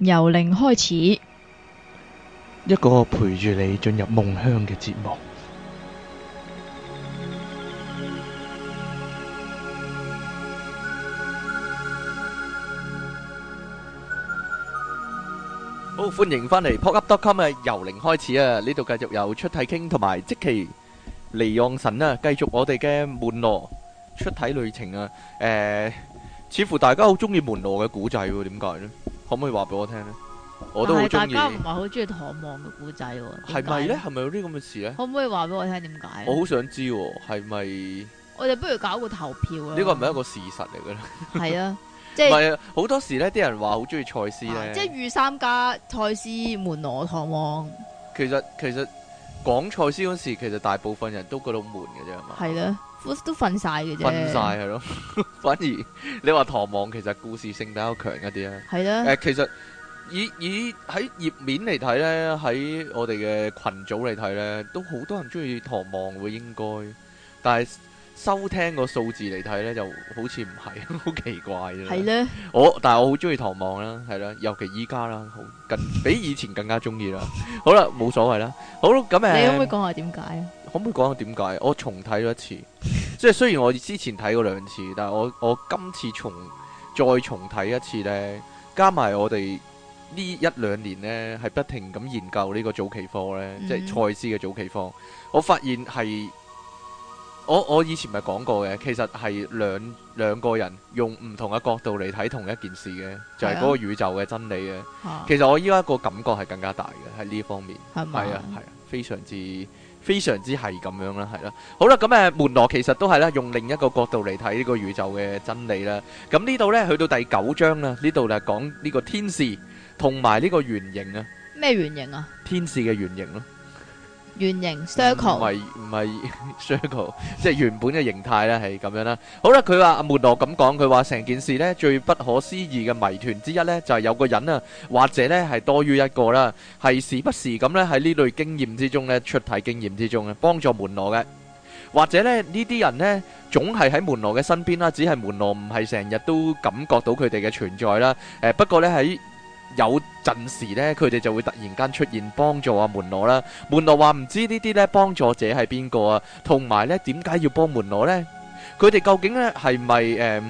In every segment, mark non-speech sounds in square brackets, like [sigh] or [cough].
由零開始，一個陪住你進入夢鄉嘅節目。好歡迎翻嚟，pop up.com 嘅由零開始啊！呢度繼續有出體傾同埋即期離岸神啊，繼續我哋嘅門羅出體旅程啊。誒，似乎大家好中意門羅嘅古仔，點解呢？可唔可以話俾我聽咧？我都好中意。大家唔係好中意唐望嘅故仔喎、啊。係咪咧？係咪有啲咁嘅事咧？可唔可以話俾我聽點解？我好想知，係咪？我哋不如搞個投票啦。呢個唔係一個事實嚟嘅啦。係啊，即、就、係、是。唔係 [laughs] 啊，好多時咧，啲人話好中意賽斯咧。即係御三家賽斯門羅唐望。其實其實講賽斯嗰時，其實大部分人都覺得好悶嘅啫嘛。係啦、啊。都瞓晒嘅啫，瞓晒係咯。反而你話唐望其實故事性比較強一啲咧，係啦。誒，其實以以喺頁面嚟睇咧，喺我哋嘅群組嚟睇咧，都好多人中意唐望嘅應該。但係收聽個數字嚟睇咧，就好似唔係，好奇怪嘅。係咧，我但係我好中意唐望啦，係啦，尤其依家啦，好更比以前更加中意啦。好啦，冇所謂啦，好啦，咁誒，你可唔可以講下點解？可唔可以講下點解？我重睇咗一次，即係雖然我之前睇過兩次，但係我我今次重再重睇一次呢。加埋我哋呢一兩年呢，係不停咁研究呢個早期科呢，即係賽斯嘅早期科，我發現係我我以前咪講過嘅，其實係兩兩個人用唔同嘅角度嚟睇同一件事嘅，就係、是、嗰個宇宙嘅真理嘅。啊、其實我依家個感覺係更加大嘅喺呢方面，係嗎？啊係啊,啊，非常之。非常之係咁樣啦，係啦，好啦，咁誒，門羅其實都係啦，用另一個角度嚟睇呢個宇宙嘅真理啦。咁呢度呢，去到第九章啦，呢度就係講呢個天使同埋呢個圓形啊。咩圓形啊？天使嘅圓形咯。圓形，circle 唔係，唔係 circle，即係原本嘅形態咧係咁樣啦。好啦，佢話阿門羅咁講，佢話成件事咧，最不可思議嘅謎團之一咧就係有個人啊，或者咧係多於一個啦，係時不時咁咧喺呢類經驗之中咧，出體經驗之中啊，幫助門羅嘅，或者咧呢啲人咧總係喺門羅嘅身邊啦，只係門羅唔係成日都感覺到佢哋嘅存在啦。誒不過咧喺。有陣時呢，佢哋就會突然間出現，幫助阿門羅啦。門羅話唔知呢啲呢幫助者係邊個啊？同埋呢點解要幫門羅呢？佢哋究竟呢係咪誒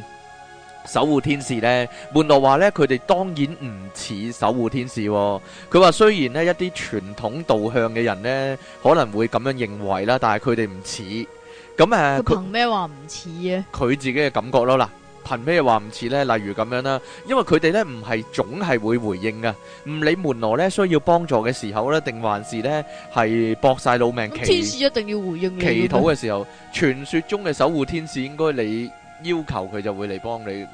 守護天使呢？門羅話呢，佢哋當然唔似守護天使啊。佢話雖然呢一啲傳統導向嘅人呢可能會咁樣認為啦，但係佢哋唔似。咁誒，佢憑咩話唔似啊？佢自己嘅感覺咯，嗱。憑咩又話唔似呢？例如咁樣啦，因為佢哋呢唔係總係會回應嘅，唔理門羅呢需要幫助嘅時候呢，定還是呢？係搏晒老命祈天使一定要回應，祈禱嘅時候，傳說中嘅守護天使應該你要求佢就會嚟幫你，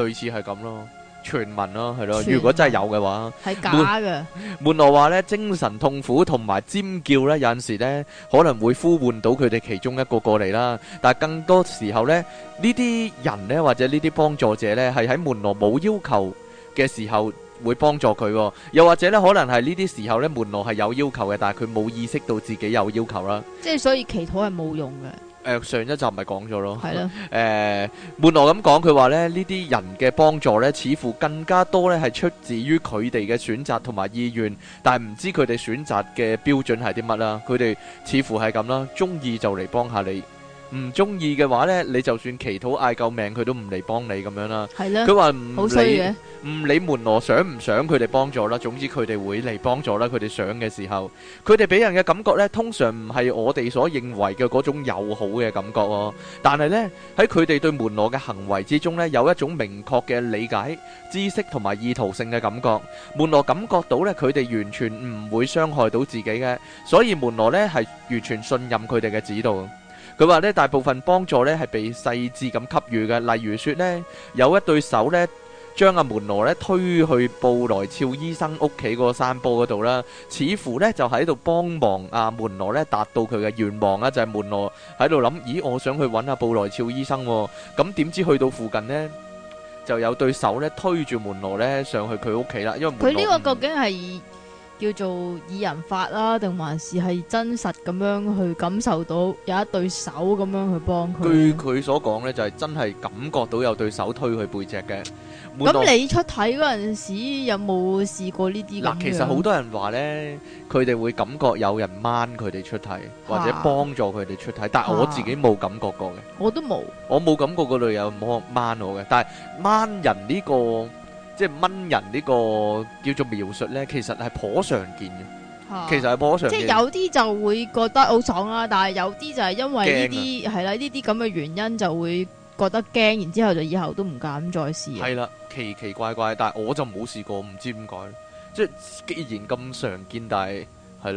類似係咁咯。傳聞咯，係咯，如果真係有嘅話，係假嘅。門羅話咧，精神痛苦同埋尖叫咧，有陣時咧可能會呼喚到佢哋其中一個過嚟啦。但係更多時候咧，呢啲人咧或者呢啲幫助者咧，係喺門羅冇要求嘅時候會幫助佢，又或者咧可能係呢啲時候咧，門羅係有要求嘅，但係佢冇意識到自己有要求啦。即係所以祈禱係冇用嘅。誒、呃、上一集咪講咗咯，係咯、嗯，誒門羅咁講，佢話咧呢啲人嘅幫助咧，似乎更加多咧係出自於佢哋嘅選擇同埋意願，但係唔知佢哋選擇嘅標準係啲乜啦，佢哋似乎係咁啦，中意就嚟幫下你。唔中意嘅話呢，你就算祈禱嗌救命，佢都唔嚟幫你咁樣啦。係呢，佢話唔理唔理門羅想唔想佢哋幫助啦，總之佢哋會嚟幫助啦。佢哋想嘅時候，佢哋俾人嘅感覺呢，通常唔係我哋所認為嘅嗰種友好嘅感覺哦。但係呢，喺佢哋對門羅嘅行為之中呢，有一種明確嘅理解、知識同埋意圖性嘅感覺。門羅感覺到呢，佢哋完全唔會傷害到自己嘅，所以門羅呢係完全信任佢哋嘅指導。佢話咧，大部分幫助咧係被細緻咁給予嘅。例如説咧，有一對手咧，將阿門羅咧推去布萊肖醫生屋企嗰個山坡嗰度啦。似乎咧就喺度幫忙阿門羅咧達到佢嘅願望啦，就係門羅喺度諗，咦，我想去揾阿布萊肖醫生。咁點知去到附近咧，就有對手咧推住門羅咧上去佢屋企啦。因為佢呢個究竟係？叫做以人法啦，定還是係真實咁樣去感受到有一對手咁樣去幫佢。據佢所講呢，就係真係感覺到有對手推佢背脊嘅。咁你出體嗰陣時，有冇試過呢啲？嗱，其實好多人話呢，佢哋會感覺有人掹佢哋出體，或者幫助佢哋出體，但係我自己冇感覺過嘅。我都冇，我冇感覺個女有冇掹我嘅，但係掹人呢個。即係掹人呢個叫做描述呢，其實係頗常見嘅，其實係頗常見。即係有啲就會覺得好爽啦，啊，但係有啲就係因為呢啲係啦，呢啲咁嘅原因就會覺得驚，然後，之後就以後都唔敢再試。係啦，奇奇怪怪，但係我就冇試過，唔知點解。即係既然咁常見，但係。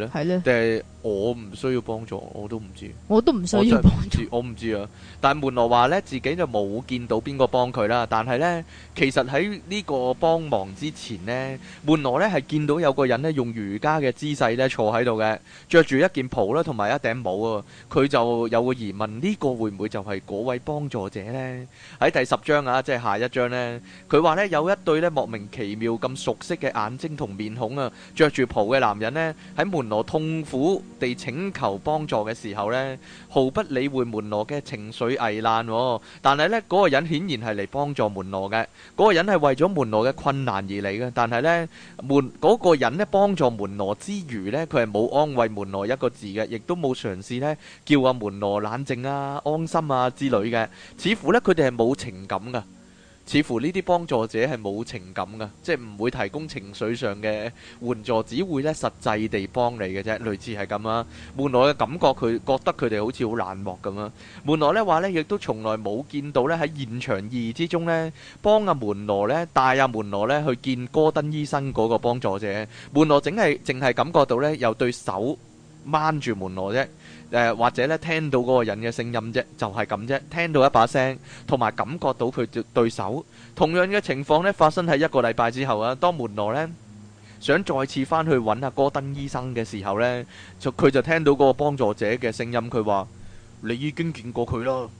係咧，定係我唔需要幫助，我都唔知。我都唔需要幫助，我唔知啊。但係門羅話咧，自己就冇見到邊個幫佢啦。但係咧，其實喺呢個幫忙之前咧，門羅咧係見到有個人咧用瑜伽嘅姿勢咧坐喺度嘅，着住一件袍啦，同埋一頂帽啊。佢就有個疑問：呢個會唔會就係嗰位幫助者咧？喺第十章啊，即係下一章咧，佢話咧有一對咧莫名其妙咁熟悉嘅眼睛同面孔啊，着住袍嘅男人咧喺門門羅痛苦地請求幫助嘅時候呢，毫不理會門羅嘅情緒危難。但係呢，嗰個人顯然係嚟幫助門羅嘅。嗰個人係為咗門羅嘅困難而嚟嘅。但係呢，門嗰個人呢，幫助門羅之餘呢，佢係冇安慰門羅一個字嘅，亦都冇嘗試呢，叫阿門羅冷靜啊、安心啊之類嘅。似乎呢，佢哋係冇情感噶。似乎呢啲幫助者係冇情感嘅，即係唔會提供情緒上嘅援助，只會咧實際地幫你嘅啫。類似係咁啦。門羅嘅感覺，佢覺得佢哋好似好冷漠咁啦。門羅咧話咧，亦都從來冇見到咧喺現場二之中咧幫阿門羅咧帶阿門羅咧去見戈登醫生嗰個幫助者。門羅整係淨係感覺到咧，有對手掹住門羅啫，誒、呃、或者咧聽到嗰個人嘅聲音啫，就係咁啫。聽到一把聲，同埋感覺到佢對手。同樣嘅情況咧發生喺一個禮拜之後啊。當門羅咧想再次翻去揾阿戈登醫生嘅時候咧，就佢就聽到嗰個幫助者嘅聲音。佢話，你已經見過佢啦。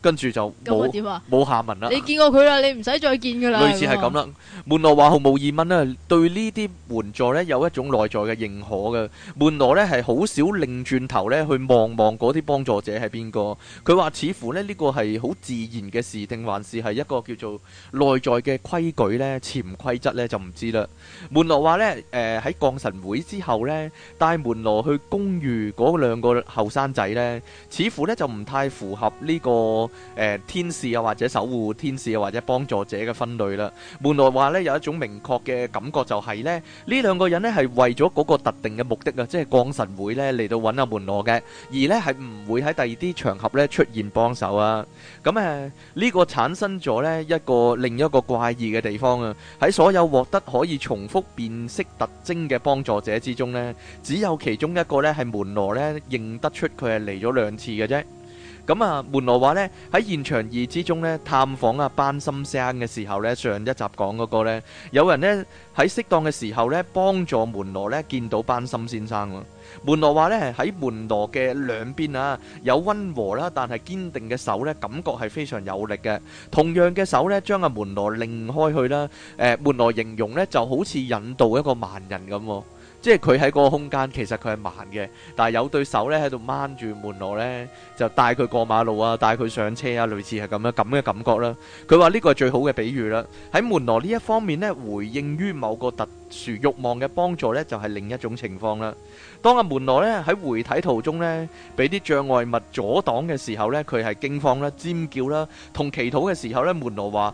跟住就冇冇下文啦。你見過佢啦，你唔使再見㗎啦。類似係咁啦。門羅話毫無疑問咧，對呢啲援助咧有一種內在嘅認可嘅。門羅咧係好少擰轉頭咧去望望嗰啲幫助者係邊個。佢話，似乎咧呢個係好自然嘅事，定還是係一個叫做內在嘅規矩咧、潛規則咧就唔知啦。門羅話咧，誒喺降神會之後咧，帶門羅去公寓嗰兩個後生仔咧，似乎咧就唔太符合呢個。呃、天使啊，或者守護天使啊，或者幫助者嘅分類啦。門羅話呢，有一種明確嘅感覺，就係呢：呢兩個人咧係為咗嗰個特定嘅目的啊，即係降神會咧嚟到揾阿門羅嘅，而呢係唔會喺第二啲場合咧出現幫手啊。咁誒，呢、呃這個產生咗呢一個另一個怪異嘅地方啊。喺所有獲得可以重複辨識特徵嘅幫助者之中呢，只有其中一個呢係門羅呢認得出佢係嚟咗兩次嘅啫。咁啊，門羅話咧喺現場二之中咧探訪啊班心先生嘅時候咧，上一集講嗰個咧，有人咧喺適當嘅時候咧幫助門羅咧見到班心先生咯。門羅話咧喺門羅嘅兩邊啊，有溫和啦，但係堅定嘅手咧，感覺係非常有力嘅。同樣嘅手咧，將啊門羅擰開去啦。誒，門羅形容咧就好似引導一個盲人咁。即係佢喺嗰個空間，其實佢係盲嘅，但係有對手咧喺度掹住門羅咧，就帶佢過馬路啊，帶佢上車啊，類似係咁樣咁嘅感覺啦。佢話呢個係最好嘅比喻啦。喺門羅呢一方面咧，回應於某個特殊慾望嘅幫助咧，就係、是、另一種情況啦。當阿、啊、門羅咧喺回體途中咧，俾啲障礙物阻擋嘅時候咧，佢係驚慌啦、尖叫啦，同祈禱嘅時候咧，門羅話。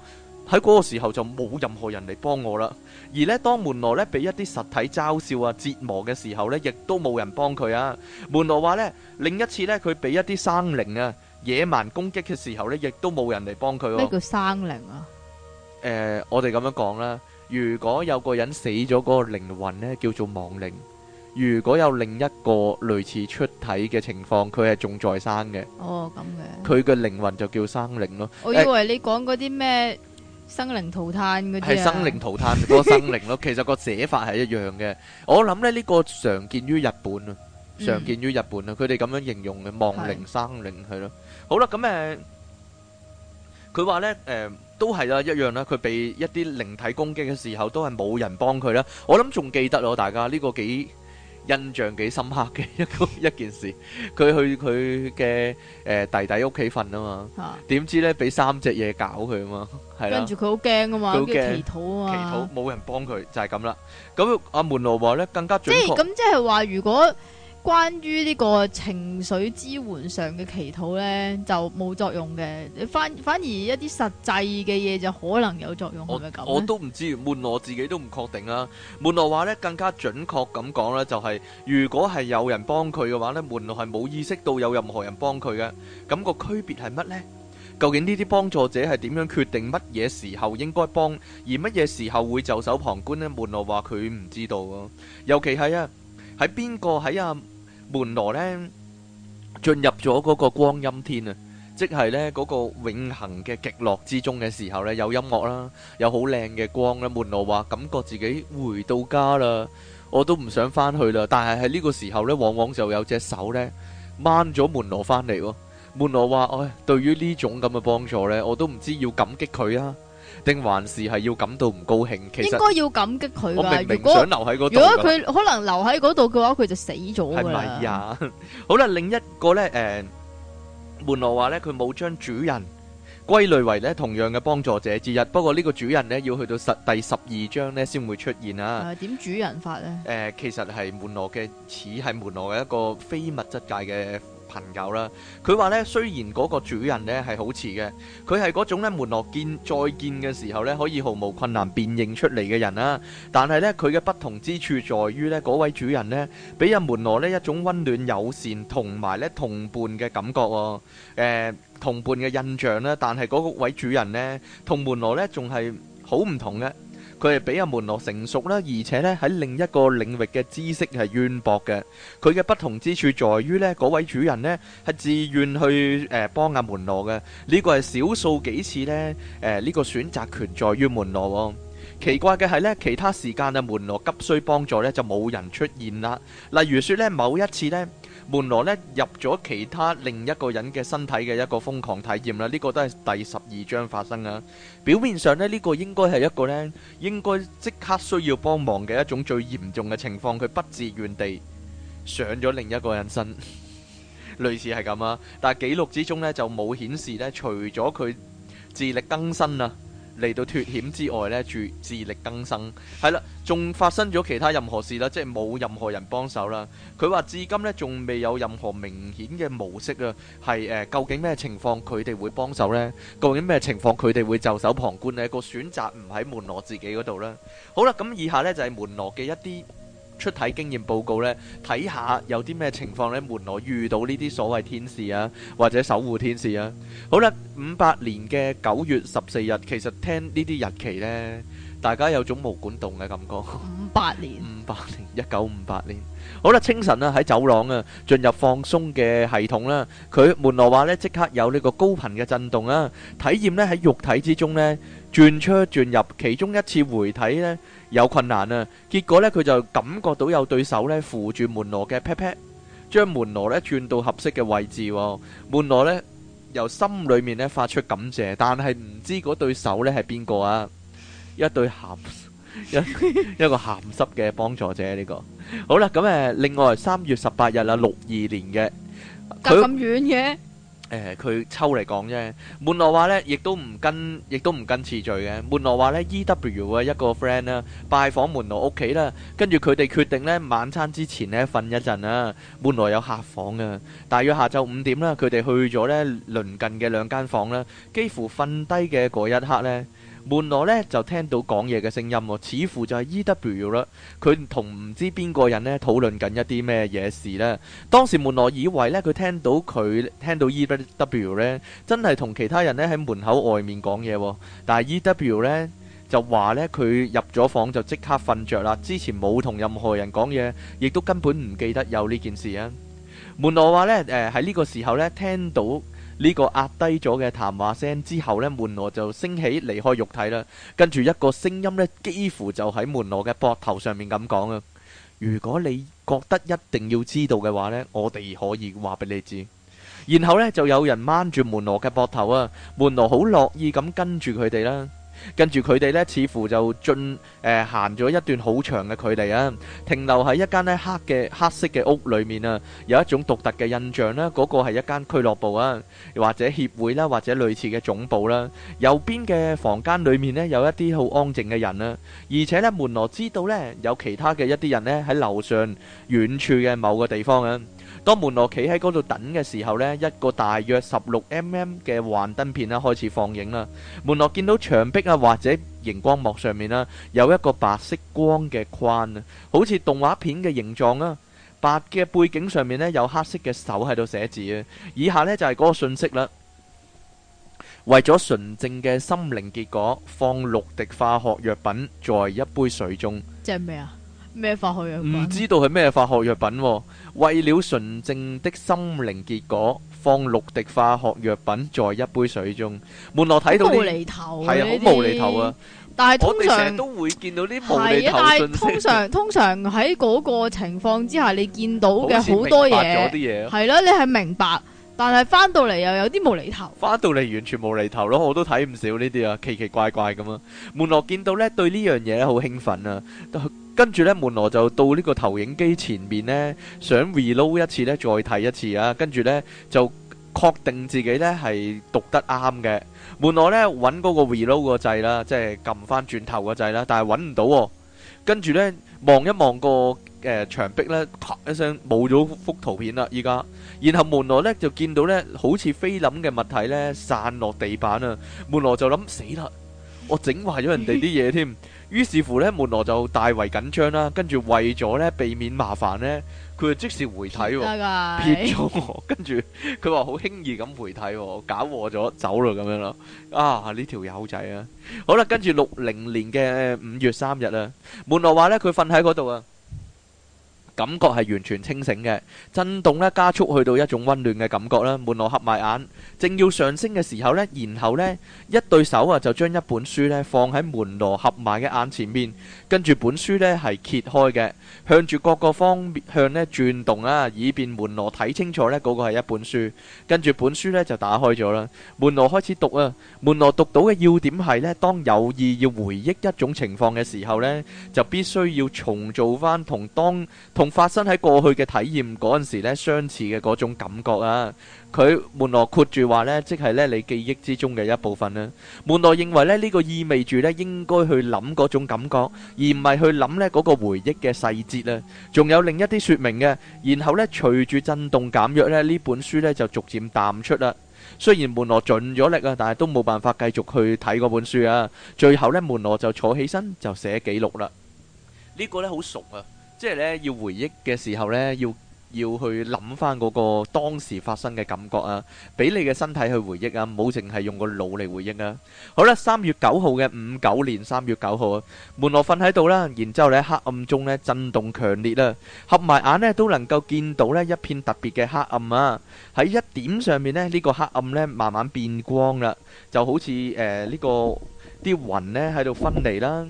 喺嗰個時候就冇任何人嚟幫我啦。而咧，當門羅咧俾一啲實體嘲笑啊、折磨嘅時候咧，亦都冇人幫佢啊。門羅話咧，另一次咧，佢俾一啲生靈啊、野蠻攻擊嘅時候咧，亦都冇人嚟幫佢。咩叫生靈啊？誒，我哋咁樣講啦。如果有個人死咗，嗰個靈魂咧叫做亡靈；如果有另一個類似出體嘅情況，佢係仲在生嘅。哦，咁嘅。佢嘅靈魂就叫生靈咯。我以為你講嗰啲咩？生靈塗炭嗰啲啊，係生靈塗炭嗰個生靈咯，其實個寫法係一樣嘅。我諗咧，呢個常見於日本啊，常見於日本啦，佢哋咁樣形容嘅亡靈、生靈係咯。好啦，咁誒，佢話咧，誒都係啦，一樣啦，佢被一啲靈體攻擊嘅時候都係冇人幫佢啦。我諗仲記得咯，大家呢個幾。印象幾深刻嘅一個一件事，佢去佢嘅誒弟弟屋企瞓啊嘛，點、啊、知咧俾三隻嘢搞佢啊嘛，跟住佢好驚啊嘛，佢祈禱啊嘛，祈禱冇人幫佢就係咁啦。咁阿門羅話咧更加準確，即係咁，即係話如果。關於呢個情緒支援上嘅祈禱呢，就冇作用嘅。反反而一啲實際嘅嘢就可能有作用我，是是我都唔知，門羅自己都唔確定啊。門羅話呢，更加準確咁講啦，就係如果係有人幫佢嘅話呢門羅係冇意識到有任何人幫佢嘅。咁、那個區別係乜呢？究竟呢啲幫助者係點樣決定乜嘢時候應該幫，而乜嘢時候會袖手旁觀呢？門羅話佢唔知道啊，尤其係啊，喺邊個喺啊。門羅咧，進入咗嗰個光陰天啊，即係呢嗰個永恆嘅極樂之中嘅時候呢，有音樂啦，有好靚嘅光啦。門羅話：感覺自己回到家啦，我都唔想翻去啦。但係喺呢個時候呢，往往就有隻手呢掹咗門羅翻嚟。門羅話：唉、哎，對於呢種咁嘅幫助呢，我都唔知要感激佢啊。定還是係要感到唔高興，其實應該要感激佢。我明明想留喺嗰度，如果佢可能留喺嗰度嘅話，佢就死咗噶啦。係咪呀？好啦，另一個咧，誒，門羅話咧，佢冇將主人歸類為咧同樣嘅幫助者之一。不過呢個主人咧，要去到十第十二章咧，先會出現啊。係點主人法咧？誒，其實係門羅嘅似係門羅嘅一個非物質界嘅。朋友啦，佢話咧雖然嗰個主人咧，係好似嘅，佢係嗰種咧門羅見再見嘅時候咧可以毫無困難辨認出嚟嘅人啦，但係咧佢嘅不同之處在於咧嗰位主人咧俾阿門羅呢一種溫暖友善同埋咧同伴嘅感覺，誒、呃、同伴嘅印象啦，但係嗰位主人呢，同門羅咧仲係好唔同嘅。佢係比阿門羅成熟啦，而且咧喺另一個領域嘅知識係淵博嘅。佢嘅不同之處在於咧，嗰位主人咧係自願去誒、呃、幫阿門羅嘅。呢、這個係少數幾次咧誒呢、呃這個選擇權在於門羅。奇怪嘅係呢，其他時間啊，門羅急需幫助呢，就冇人出現啦。例如說呢，某一次呢，門羅呢入咗其他另一個人嘅身體嘅一個瘋狂體驗啦，呢個都係第十二章發生啊。表面上呢，呢個應該係一個呢應該即刻需要幫忙嘅一種最嚴重嘅情況，佢不自願地上咗另一個人身， [laughs] 類似係咁啊。但係記錄之中呢，就冇顯示呢除咗佢自力更生啊。嚟到脫險之外呢，住自力更生，係啦，仲發生咗其他任何事啦，即係冇任何人幫手啦。佢話至今呢，仲未有任何明顯嘅模式啊，係誒、呃，究竟咩情況佢哋會幫手呢？究竟咩情況佢哋會袖手旁觀咧？個選擇唔喺門羅自己嗰度啦。好啦，咁以下呢，就係、是、門羅嘅一啲。出體經驗報告咧，睇下有啲咩情況咧，門羅遇到呢啲所謂天使啊，或者守護天使啊。好啦，五八年嘅九月十四日，其實聽呢啲日期呢，大家有種毛管戙嘅感覺。五八年，五八年，一九五八年。好啦，清晨啊，喺走廊啊，進入放鬆嘅系統啦。佢門羅話咧，即刻有呢個高頻嘅震動啊。體驗咧喺肉體之中咧，轉出轉入，其中一次回體咧有困難啊。結果咧，佢就感覺到有對手咧扶住門羅嘅 pat pat，將門羅咧轉到合適嘅位置。門羅咧由心裏面咧發出感謝，但係唔知嗰對手咧係邊個啊？一對咸。一 [laughs] [laughs] 一個鹹濕嘅幫助者呢，這個好啦咁誒，另外三月十八日啦，六二年嘅咁遠嘅誒，佢、 [laughs] 呃、抽嚟講啫。門羅話咧，亦都唔跟，亦都唔跟次序嘅。門羅話咧，E.W 嘅一個 friend 啦，拜訪門羅屋企啦，跟住佢哋決定咧，晚餐之前咧瞓一陣啦。門羅有客房啊，大約下晝五點啦，佢哋去咗咧鄰近嘅兩間房啦，幾乎瞓低嘅嗰一刻咧。門羅呢就聽到講嘢嘅聲音喎，似乎就係 E.W. 啦，佢同唔知邊個人呢討論緊一啲咩嘢事呢？當時門羅以為呢，佢聽到佢聽到 E.W. 呢真係同其他人呢喺門口外面講嘢，但係 E.W. 呢就話呢，佢入咗房就即刻瞓着啦，之前冇同任何人講嘢，亦都根本唔記得有呢件事啊。門羅話呢誒喺呢、呃、個時候呢聽到。呢個壓低咗嘅談話聲之後呢，門羅就升起離開肉體啦。跟住一個聲音呢，幾乎就喺門羅嘅膊頭上面咁講啊。如果你覺得一定要知道嘅話呢，我哋可以話俾你知。然後呢，就有人掹住門羅嘅膊頭啊，門羅好樂意咁跟住佢哋啦。跟住佢哋呢，似乎就進誒、呃、行咗一段好長嘅距離啊，停留喺一間呢黑嘅黑色嘅屋裏面啊，有一種獨特嘅印象啦。嗰、嗰個係一間俱樂部啊，或者協會啦，或者類似嘅總部啦。右邊嘅房間裏面呢，有一啲好安靜嘅人啊。而且呢，門羅知道呢，有其他嘅一啲人呢，喺樓上遠處嘅某個地方啊。當門羅企喺嗰度等嘅時候呢，一個大約十六 mm 嘅幻燈片啦開始放映啦。門羅見到牆壁啊或者熒光幕上面啦，有一個白色光嘅框啊，好似動畫片嘅形狀啊，白嘅背景上面呢，有黑色嘅手喺度寫字啊。以下呢就係嗰個信息啦。為咗純正嘅心靈，結果放六滴化學藥品在一杯水中。即係咩啊？咩化學藥品？唔知道係咩化學藥品。為了純正的心靈，結果放六滴化學藥品在一杯水中。門羅睇到啲無厘頭，係啊，好無厘頭啊！但係通常都會見到啲無厘頭信息。係啊，但係通常通常喺嗰個情況之下，你見到嘅好多嘢，係咯，你係明白，但係翻到嚟又有啲無厘頭。翻到嚟完全無厘頭咯，我都睇唔少呢啲啊，奇奇怪怪咁啊！門羅見到咧，對呢樣嘢咧好興奮啊，都。跟住咧，門羅就到呢個投影機前面咧，想 reload 一次咧，再睇一次啊！跟住咧，就確定自己咧係讀得啱嘅。門羅咧揾嗰個 reload 個掣啦，即係撳翻轉頭個掣啦，但係揾唔到，哦。跟住咧望一望個誒、呃、牆壁咧，咔一聲冇咗幅圖片啦！依家，然後門羅咧就見到咧，好似菲林嘅物體咧散落地板啊！門羅就諗死啦，我整壞咗人哋啲嘢添。 [laughs] 於是乎咧，門羅就大為緊張啦，跟住為咗咧避免麻煩咧，佢就即時回體，撇咗我，跟住佢話好輕易咁回體，攪和咗走喇咁樣咯，啊，呢條友仔啊，好啦，跟住六零年嘅五月三日啊，門羅話咧佢瞓喺嗰度啊。感覺係完全清醒嘅，震動咧加速去到一種溫暖嘅感覺啦。門羅合埋眼，正要上升嘅時候咧，然後咧一對手啊就將一本書咧放喺門羅合埋嘅眼前面。跟住本書咧係揭開嘅，向住各個方向咧轉動啊，以便門羅睇清楚咧嗰個係一本書。跟住本書咧就打開咗啦，門羅開始讀啊。門羅讀到嘅要點係咧，當有意要回憶一種情況嘅時候咧，就必須要重做返同當同發生喺過去嘅體驗嗰陣時咧相似嘅嗰種感覺啊。佢門羅括住話咧，即係咧你記憶之中嘅一部分啦。門羅認為咧呢個意味住咧應該去諗嗰種感覺而。而唔係去諗呢嗰個回憶嘅細節呢，仲有另一啲說明嘅。然後呢，隨住震動減弱呢，呢本書呢就逐漸淡出啦。雖然門羅盡咗力啊，但係都冇辦法繼續去睇嗰本書啊。最後呢，門羅就坐起身就寫記錄啦。呢個呢好熟啊，即係呢要回憶嘅時候呢要。要去諗翻嗰個當時發生嘅感覺啊，俾你嘅身體去回憶啊，唔好淨係用個腦嚟回憶啊。好啦，三月九號嘅五九年三月九號啊，門羅瞓喺度啦，然之後咧黑暗中咧震動強烈啦，合埋眼咧都能夠見到咧一片特別嘅黑暗啊，喺一點上面咧呢個黑暗咧慢慢變光啦，就好似誒呢個啲雲咧喺度分離啦。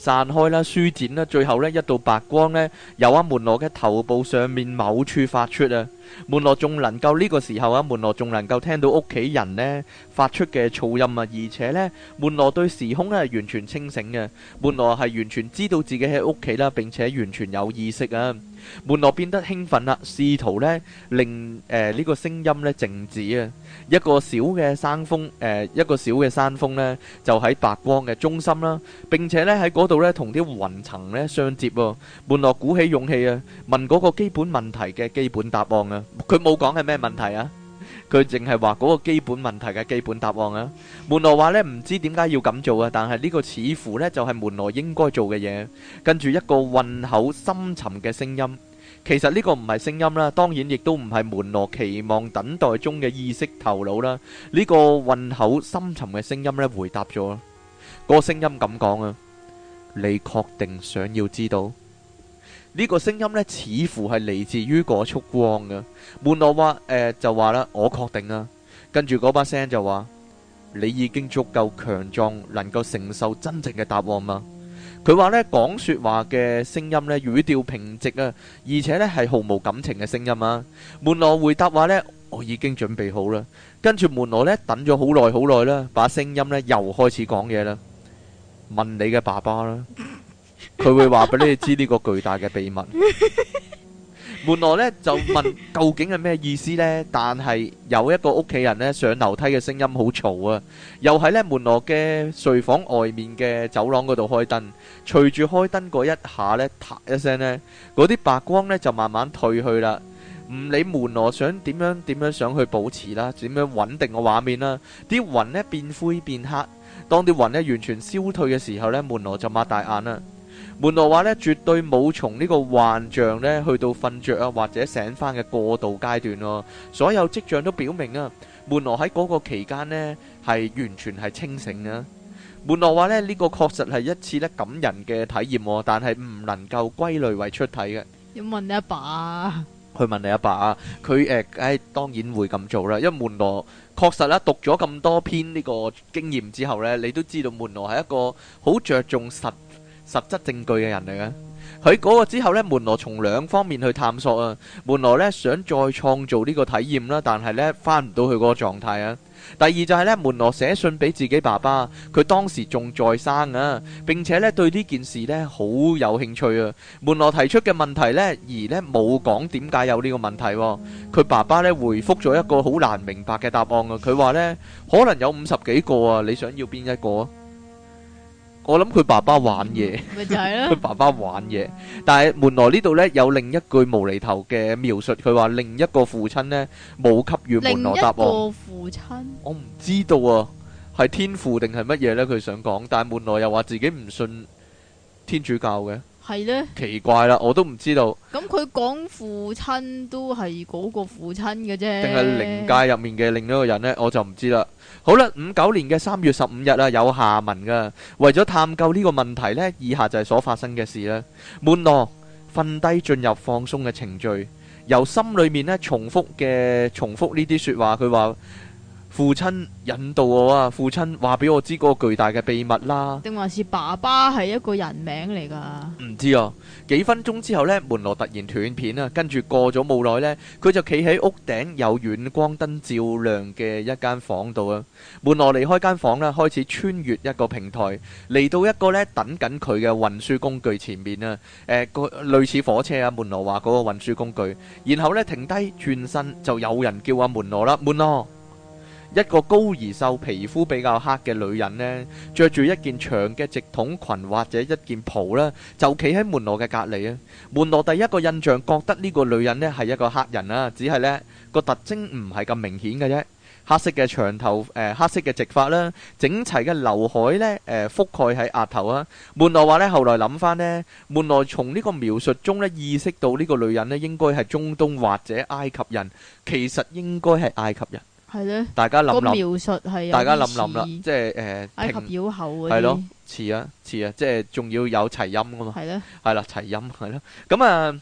散開啦，舒展啦，最後呢，一道白光呢，由阿門羅嘅頭部上面某處發出啊。門羅仲能夠呢個時候啊，門羅仲能夠聽到屋企人呢發出嘅噪音啊，而且呢，門羅對時空呢係完全清醒嘅，門羅係完全知道自己喺屋企啦，並且完全有意識啊。門羅變得興奮啦，試圖咧令誒呢、呃這個聲音咧靜止啊！一個小嘅山峰，誒、呃、一個小嘅山峰咧就喺白光嘅中心啦，並且咧喺嗰度咧同啲雲層咧相接喎。門羅鼓起勇氣啊，問嗰個基本問題嘅基本答案啊！佢冇講係咩問題啊？佢淨係話嗰個基本問題嘅基本答案啊。門羅話呢，唔知點解要咁做啊，但係呢個似乎呢就係門羅應該做嘅嘢。跟住一個混口、深沉嘅聲音，其實呢個唔係聲音啦，當然亦都唔係門羅期望等待中嘅意識頭腦啦。呢個混口深沉嘅聲音呢，回答咗個聲音咁講啊，你確定想要知道？呢個聲音咧，似乎係嚟自於嗰束光嘅。門羅話：誒、呃，就話啦，我確定啦。跟住嗰把聲就話：你已經足夠強壯，能夠承受真正嘅答案嘛？佢話呢，講說話嘅聲音咧，語調平直啊，而且咧係毫無感情嘅聲音啊。門羅回答話呢，我已經準備好啦。跟住門羅呢，等咗好耐好耐啦，把聲音咧又開始講嘢啦，問你嘅爸爸啦。 [laughs] 佢會話俾你知呢個巨大嘅秘密 [laughs] 門羅。門羅呢就問究竟係咩意思呢？但係有一個屋企人呢，上樓梯嘅聲音好嘈啊，又係呢門羅嘅睡房外面嘅走廊嗰度開燈。隨住開燈嗰一下呢，啪一聲呢，嗰啲白光呢就慢慢退去啦。唔理門羅想點樣點樣想去保持啦，點樣穩定個畫面啦，啲雲呢變灰變黑。當啲雲呢完全消退嘅時候呢，門羅就擘大眼啦。門羅話咧，絕對冇從呢個幻象咧去到瞓著啊，或者醒翻嘅過渡階段咯。所有跡象都表明啊，門羅喺嗰個期間咧係完全係清醒嘅。門羅話咧，呢個確實係一次咧感人嘅體驗，但係唔能夠歸類為出體嘅。要問你阿爸啊，去問你阿爸啊，佢誒，唉，當然會咁做啦。因為門羅確實咧讀咗咁多篇呢個經驗之後咧，你都知道門羅係一個好着重實實質證據嘅人嚟嘅，佢嗰個之後呢，門羅從兩方面去探索啊。門羅咧想再創造呢個體驗啦，但係呢，翻唔到佢嗰個狀態啊。第二就係呢，門羅寫信俾自己爸爸，佢當時仲在生啊，並且呢對呢件事呢好有興趣啊。門羅提出嘅問題呢，而呢冇講點解有呢個問題啊。佢爸爸呢，回覆咗一個好難明白嘅答案啊。佢話呢，可能有五十幾個啊，你想要邊一個？我諗佢爸爸玩嘢，咪就係咯。佢爸爸玩嘢，但係門羅呢度咧有另一句無厘頭嘅描述，佢話另一個父親咧冇給予門羅答案。另一個父親，我唔知道啊，係天父定係乜嘢咧？佢想講，但係門羅又話自己唔信天主教嘅，係咧奇怪啦，我都唔知道。咁佢講父親都係嗰個父親嘅啫，定係靈界入面嘅另一個人咧，我就唔知啦。好啦，五九年嘅三月十五日啊，有下文噶。為咗探究呢個問題呢，以下就係所發生嘅事啦。門羅瞓低，進入放鬆嘅程序，由心裏面呢重複嘅重複呢啲說話。佢話父親引導我啊，父親話俾我知、啊、嗰個巨大嘅秘密啦。定還是爸爸係一個人名嚟噶？唔知啊。幾分鐘之後咧，門羅突然斷片啊，跟住過咗冇耐咧，佢就企喺屋頂有遠光燈照亮嘅一間房度啊。門羅離開間房咧，開始穿越一個平台，嚟到一個咧等緊佢嘅運輸工具前面啊。誒，個類似火車啊，門羅話嗰個運輸工具，然後咧停低，轉身就有人叫阿門羅啦，門羅。一個高而瘦、皮膚比較黑嘅女人呢，着住一件長嘅直筒裙或者一件袍啦，就企喺門羅嘅隔籬啊。門羅第一個印象覺得呢個女人呢係一個黑人啊，只係呢個特徵唔係咁明顯嘅啫。黑色嘅長頭誒，黑色嘅直髮啦，整齊嘅劉海呢誒覆蓋喺額頭啊。門羅話呢，後來諗翻呢，門羅從呢個描述中呢意識到呢個女人呢應該係中東或者埃及人，其實應該係埃及人。係咧，個描述係大家諗諗啦，即係誒，咬口係咯，詞啊詞啊，即係仲要有齊音噶嘛。係咧，係啦，齊音係啦。咁啊，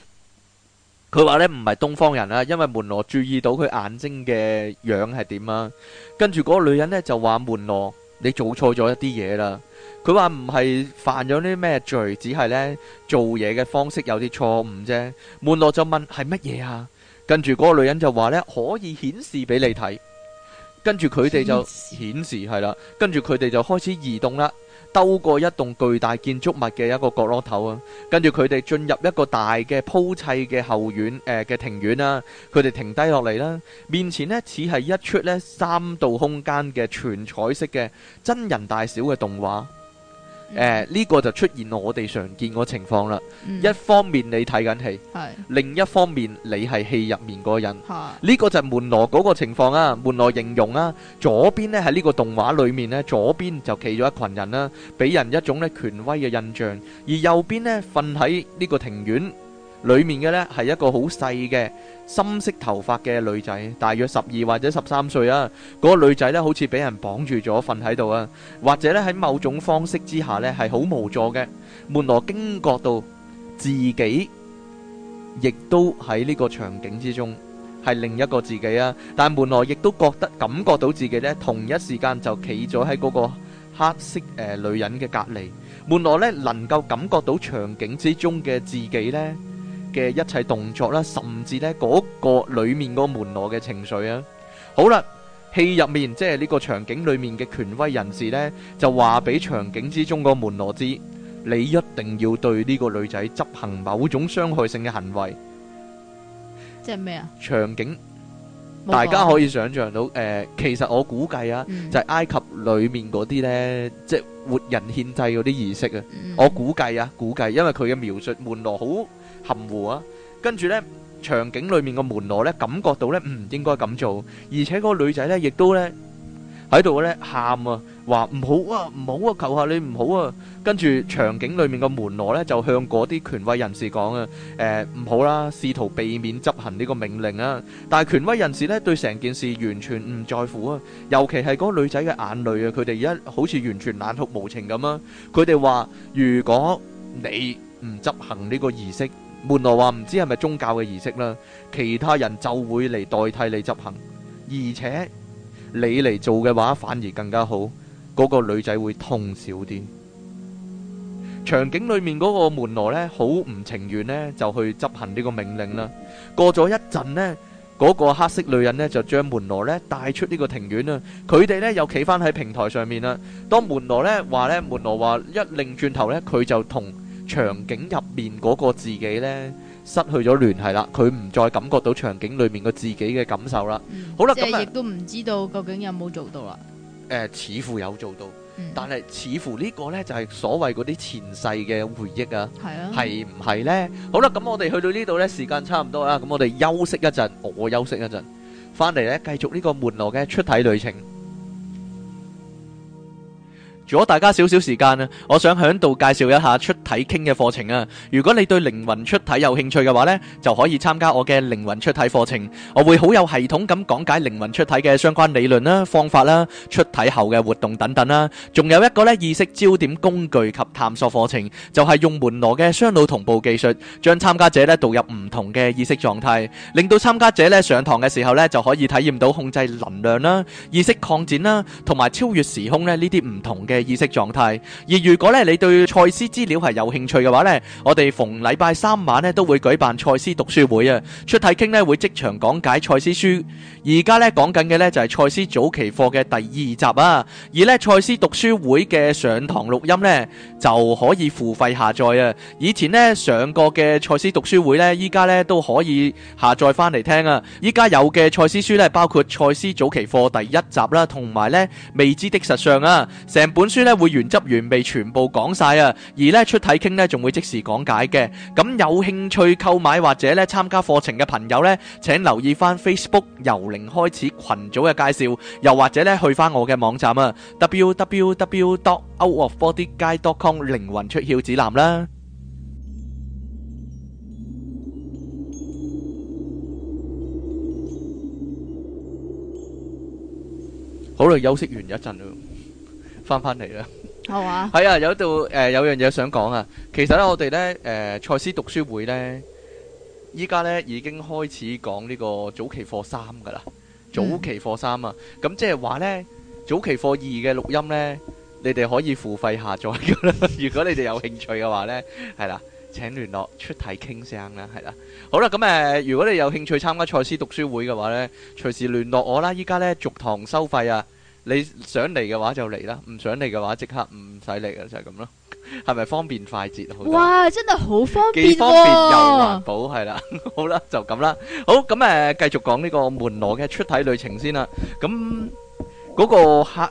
佢話咧唔係東方人啊，因為門羅注意到佢眼睛嘅樣係點啊。跟住嗰個女人咧就話：門羅，你做錯咗一啲嘢啦。佢話唔係犯咗啲咩罪，只係咧做嘢嘅方式有啲錯誤啫。門羅就問係乜嘢啊？跟住嗰個女人就話咧可以顯示俾你睇。跟住佢哋就顯示係啦，跟住佢哋就開始移動啦，兜過一棟巨大建築物嘅一個角落頭啊，跟住佢哋進入一個大嘅鋪砌嘅後院，誒、呃、嘅庭院啦，佢哋停低落嚟啦，面前咧似係一出咧三度空間嘅全彩色嘅真人大小嘅動畫。誒，呢、嗯呃這個就出現我哋常見個情況啦。嗯、一方面你睇緊戲，是另一方面你係戲入面嗰個人。呢是個就係門羅嗰個情況啊。門羅形容啊，左邊呢喺呢個動畫裏面呢，左邊就企咗一群人啦、啊，俾人一種咧權威嘅印象。而右邊呢瞓喺呢個庭院裏面嘅呢，係一個好細嘅。深色頭髮嘅女仔，大約十二或者十三歲啊。嗰個女仔咧，好似俾人綁住咗，瞓喺度啊。或者咧喺某種方式之下咧，係好無助嘅。門羅驚覺到自己亦都喺呢個場景之中，係另一個自己啊。但係門羅亦都覺得感覺到自己咧，同一時間就企咗喺嗰個黑色誒女人嘅隔籬。門羅咧能夠感覺到場景之中嘅自己咧嘅一切動作啦，甚至呢嗰個裏面個門羅嘅情緒啊。好啦，戲入面即係呢個場景裏面嘅權威人士呢，就話俾場景之中個門羅知，你一定要對呢個女仔執行某種傷害性嘅行為。即係咩啊？場景大家可以想象到，誒，其實我估計啊，就係埃及裏面嗰啲呢，即係活人獻祭嗰啲儀式啊。我估計啊，估計，因為佢嘅描述門羅好含糊啊，跟住咧，場景裏面個門羅咧感覺到咧，唔應該咁做，而且嗰個女仔咧亦都咧喺度咧喊啊，話唔好啊，唔好啊，求下你唔好啊，跟住場景裏面個門羅咧就向嗰啲權威人士講啊，誒唔好啦，試圖避免執行呢個命令啊，但係權威人士咧對成件事完全唔在乎啊，尤其係嗰個女仔嘅眼淚啊，佢哋而家好似完全冷酷無情咁啊，佢哋話如果你唔執行呢個儀式。門羅話唔知係咪宗教嘅儀式啦，其他人就會嚟，代替你執行，而且你嚟做嘅話反而更加好，嗰個女仔會痛少啲。 [noise] 場景裏面嗰個門羅呢，好唔情願呢，就去執行呢個命令啦。過咗一陣呢，嗰個黑色女人呢，就將門羅呢帶出呢個庭院啦。佢哋呢，又企翻喺平台上面啦。當門羅呢話呢，門羅話一擰轉頭呢，佢就同。場景入面嗰個自己咧，失去咗聯繫啦，佢唔再感覺到場景裏面個自己嘅感受啦。好啦，咁亦都唔知道究竟有冇做到啦。誒，似乎有做到，但係似乎呢個咧就係所謂嗰啲前世嘅回憶啊，係唔係咧？好啦，咁我哋去到呢度咧，時間差唔多啦，咁我哋休息一陣，我休息一陣，翻嚟咧，繼續呢個門羅嘅出體旅程。如果大家少少時間啊，我想喺度介紹一下出體傾嘅課程啊！如果你對靈魂出體有興趣嘅話咧，就可以參加我嘅靈魂出體課程。我會好有系統咁講解靈魂出體嘅相關理論啦、方法啦、出體後嘅活動等等啦。仲有一個咧意識焦點工具及探索課程，就係用門羅嘅雙腦同步技術，將參加者咧導入唔同嘅意識狀態，令到參加者咧上堂嘅時候咧就可以體驗到控制能量啦、意識擴展啦，同埋超越時空咧呢啲唔同嘅意識狀態。而如果咧你對賽斯資料係有興趣嘅話呢，我哋逢禮拜三晚呢都會舉辦賽斯讀書會啊。出體傾呢會即場講解賽斯書。而家呢講緊嘅呢就係賽斯早期課嘅第二集啊。而呢賽斯讀書會嘅上堂錄音呢就可以付費下載啊。以前呢上過嘅賽斯讀書會呢，依家呢都可以下載翻嚟聽啊。依家有嘅賽斯書呢，包括賽斯早期課第一集啦，同埋呢未知的實相啊，成本。書咧會原汁原味全部講晒啊，而咧出體傾咧仲會即時講解嘅。咁有興趣購買或者咧參加課程嘅朋友呢，請留意翻 Facebook 由零開始群組嘅介紹，又或者咧去翻我嘅網站啊 www.outofbodyguide.com 靈魂出竅指南啦。 [music] 好啦，休息完一陣翻翻嚟啦，係、oh、啊， [laughs] 啊，有度誒、呃、有樣嘢想講啊。其實咧，我哋咧誒賽斯讀書會咧，依家咧已經開始講呢個早期課三噶啦。早期課三啊，咁、嗯嗯、即係話咧，早期課二嘅錄音咧，你哋可以付費下載噶啦。 [laughs] 如果你哋有興趣嘅話咧，係啦，請聯絡出體傾聲啦，係啦。好啦，咁、嗯、誒、呃，如果你有興趣參加賽斯讀書會嘅話咧，隨時聯絡我啦。依家咧續堂收費啊。你想嚟嘅話就嚟啦，唔想嚟嘅話即刻唔使嚟啊，就係咁咯，係咪方便快捷好多？哇，真係好方便，既方便又環保，係啦。好啦，就咁啦。好咁，誒，繼續講呢個門羅嘅出體旅程先啦。咁嗰個黑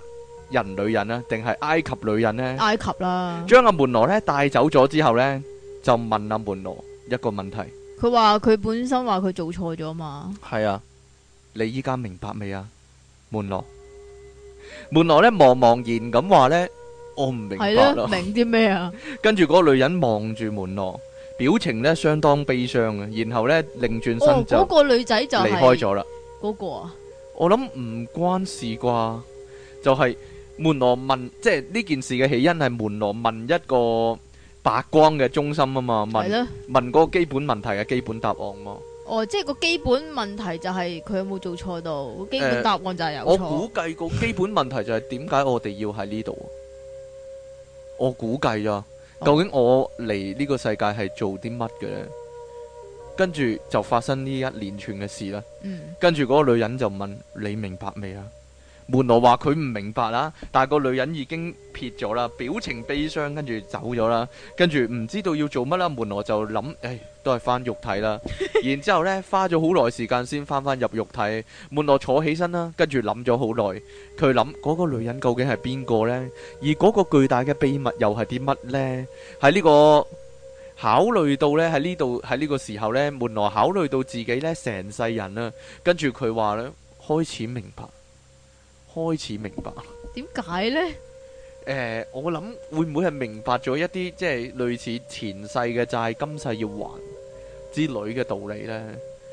人女人啊，定係埃及女人咧？埃及啦，將阿門羅咧帶走咗之後咧，就問阿門羅一個問題。佢話佢本身話佢做錯咗嘛？係啊，你依家明白未啊？門羅。門羅咧茫茫然咁話咧，我唔明白咯。明啲咩啊？跟住嗰個女人望住門羅，表情咧相當悲傷嘅。然後咧，擰轉身個女仔就離開咗啦。嗰個啊？我諗唔關事啩，就係門羅問，即係呢件事嘅起因係門羅問一個白光嘅中心啊嘛？問問個基本問題嘅基本答案嘛？哦，即係個基本問題就係佢有冇做錯到？基本答案就係有錯，呃、我估計個基本問題就係點解我哋要喺呢度？我估計咗，啊，哦、究竟我嚟呢個世界係做啲乜嘅咧？跟住就發生呢一連串嘅事啦。嗯、跟住嗰個女人就問：你明白未啊？門羅話佢唔明白啦，但係個女人已經撇咗啦，表情悲傷，跟住走咗啦。跟住唔知道要做乜啦，門羅就諗：誒、哎。都係翻肉體啦，然之後咧，花咗好耐時間先翻翻入肉體。 [laughs] 門羅坐起身啦，跟住諗咗好耐，佢諗嗰個女人究竟係邊個呢？而嗰個巨大嘅秘密又係啲乜呢？喺呢個考慮到呢，喺呢度喺呢個時候呢，門羅考慮到自己呢成世人啦，跟住佢話呢，開始明白，開始明白，點解呢？呃，我諗會唔會係明白咗一啲即係類似前世嘅債今世要還？之類嘅道理呢，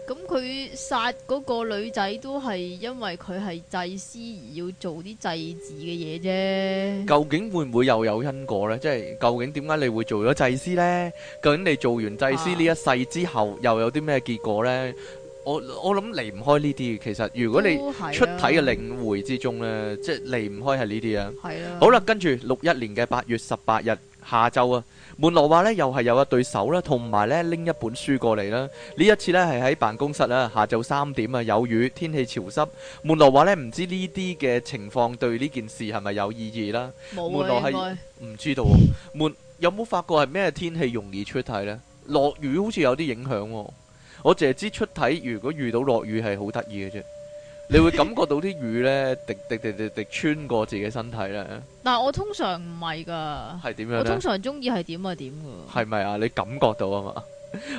咁佢殺嗰個女仔都係因為佢係祭司而要做啲祭祀嘅嘢啫。究竟會唔會又有因果呢？即係究竟點解你會做咗祭司呢？究竟你做完祭司呢一世之後又有啲咩結果呢？我我諗離唔開呢啲。其實如果你出體嘅領會之中呢，即係離唔開係呢啲啊。係啊。好啦，跟住六一年嘅八月十八日下晝啊。門羅話呢，又係有一對手啦，同埋呢拎一本書過嚟啦。呢一次呢，係喺辦公室啦，下晝三點啊，有雨，天氣潮濕。門羅話呢，唔知呢啲嘅情況對呢件事係咪有意義啦？門羅係唔知道。門有冇發覺係咩天氣容易出體呢？落雨好似有啲影響喎。我淨係知出體如果遇到落雨係好得意嘅啫。 [laughs] 你會感覺到啲雨咧，滴滴滴滴滴穿過自己身體咧。但係我通常唔係㗎，係點樣我通常中意係點啊點㗎？係咪啊？你感覺到啊嘛？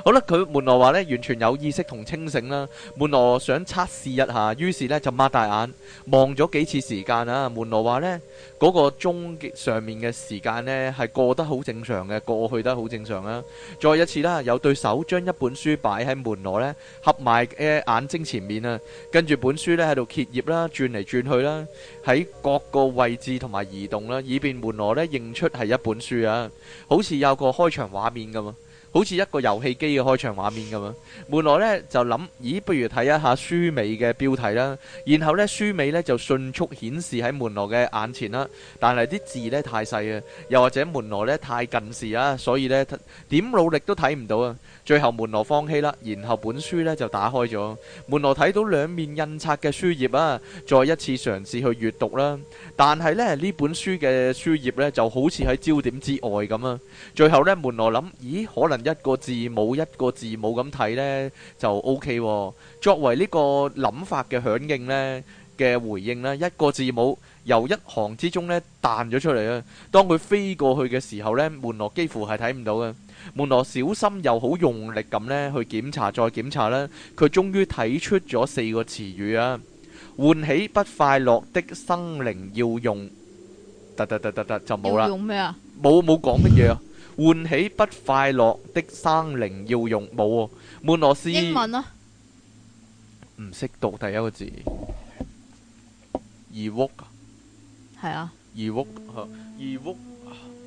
好啦，佢門羅話呢完全有意識同清醒啦。門羅想測試一下，於是呢就擘大眼望咗幾次時間啦。門羅話呢，嗰、那個鐘上面嘅時間呢係過得好正常嘅，過去得好正常啦。再一次啦，有對手將一本書擺喺門羅呢，合埋眼睛前面啊，跟住本書呢喺度揭頁啦，轉嚟轉去啦，喺各個位置同埋移動啦，以便門羅呢認出係一本書啊，好似有個開場畫面咁啊。好似一個遊戲機嘅開場畫面咁樣，門羅呢就諗，咦，不如睇一下書尾嘅標題啦。然後呢，書尾呢就迅速顯示喺門羅嘅眼前啦。但係啲字呢太細啊，又或者門羅呢太近視啊，所以呢點努力都睇唔到啊。最後門羅放棄啦，然後本書咧就打開咗。門羅睇到兩面印刷嘅書頁啊，再一次嘗試去閱讀啦。但係咧呢本書嘅書頁咧就好似喺焦點之外咁啊。最後咧門羅諗，咦？可能一個字母一個字母咁睇咧就 OK。作為呢個諗法嘅響應咧嘅回應咧，一個字母由一行之中咧彈咗出嚟，啊，當佢飛過去嘅時候咧，門羅幾乎係睇唔到嘅。門羅小心又好用力咁咧去檢查再檢查咧，佢終於睇出咗四個詞語啊！喚起不快樂的生靈要用，噠噠噠噠噠就冇啦。要用咩啊？冇，冇講乜嘢啊！喚起不快樂的生靈要用冇啊！門羅斯英文啊？唔識讀第一個字，二屋係啊，二屋嗬，二屋。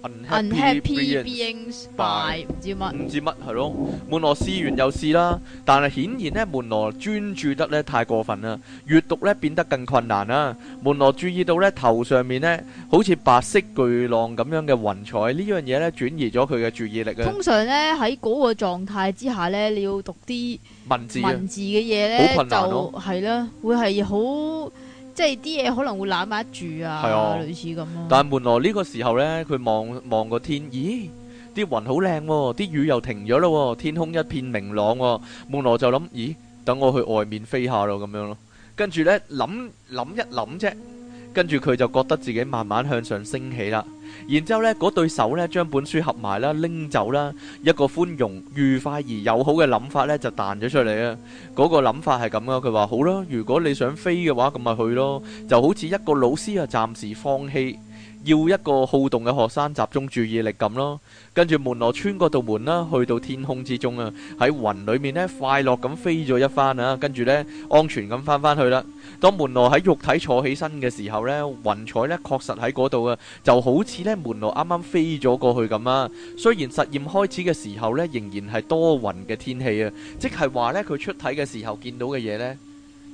unhappy being spy，唔知乜唔知乜係咯，門羅試完又試啦，但係顯然咧，門羅專注得咧太過分啦，閱讀咧變得更困難啦。門羅注意到咧，頭上面咧好似白色巨浪咁樣嘅雲彩呢樣嘢咧轉移咗佢嘅注意力啊。通常咧喺嗰個狀態之下咧，你要讀啲文字文字嘅嘢咧好困難就係啦，會係好。即係啲嘢可能會攬埋住啊，啊，類似咁咯。但係門羅呢個時候呢，佢望望個天，咦，啲雲好靚喎，啲雨又停咗咯、哦，天空一片明朗喎、哦。門羅就諗，咦，等我去外面飛下咯、哦、咁樣咯。跟住呢，諗諗一諗啫。嗯。跟住佢就覺得自己慢慢向上升起啦，然之後咧嗰對手咧將本書合埋啦，拎走啦，一個寬容、愉快而友好嘅諗法咧就彈咗出嚟啊！嗰個諗法係咁噶，佢話好啦，如果你想飛嘅話，咁咪去咯，就好似一個老師啊，暫時放棄，要一個好動嘅學生集中注意力咁咯。跟住門羅穿嗰度門啦，去到天空之中啊，喺雲裡面咧快樂咁飛咗一番啊，跟住咧安全咁返返去啦。當門羅喺肉體坐起身嘅時候呢，雲彩呢確實喺嗰度啊，就好似呢門羅啱啱飛咗過去咁啊。雖然實驗開始嘅時候呢，仍然係多雲嘅天氣啊，即係話呢，佢出體嘅時候見到嘅嘢呢，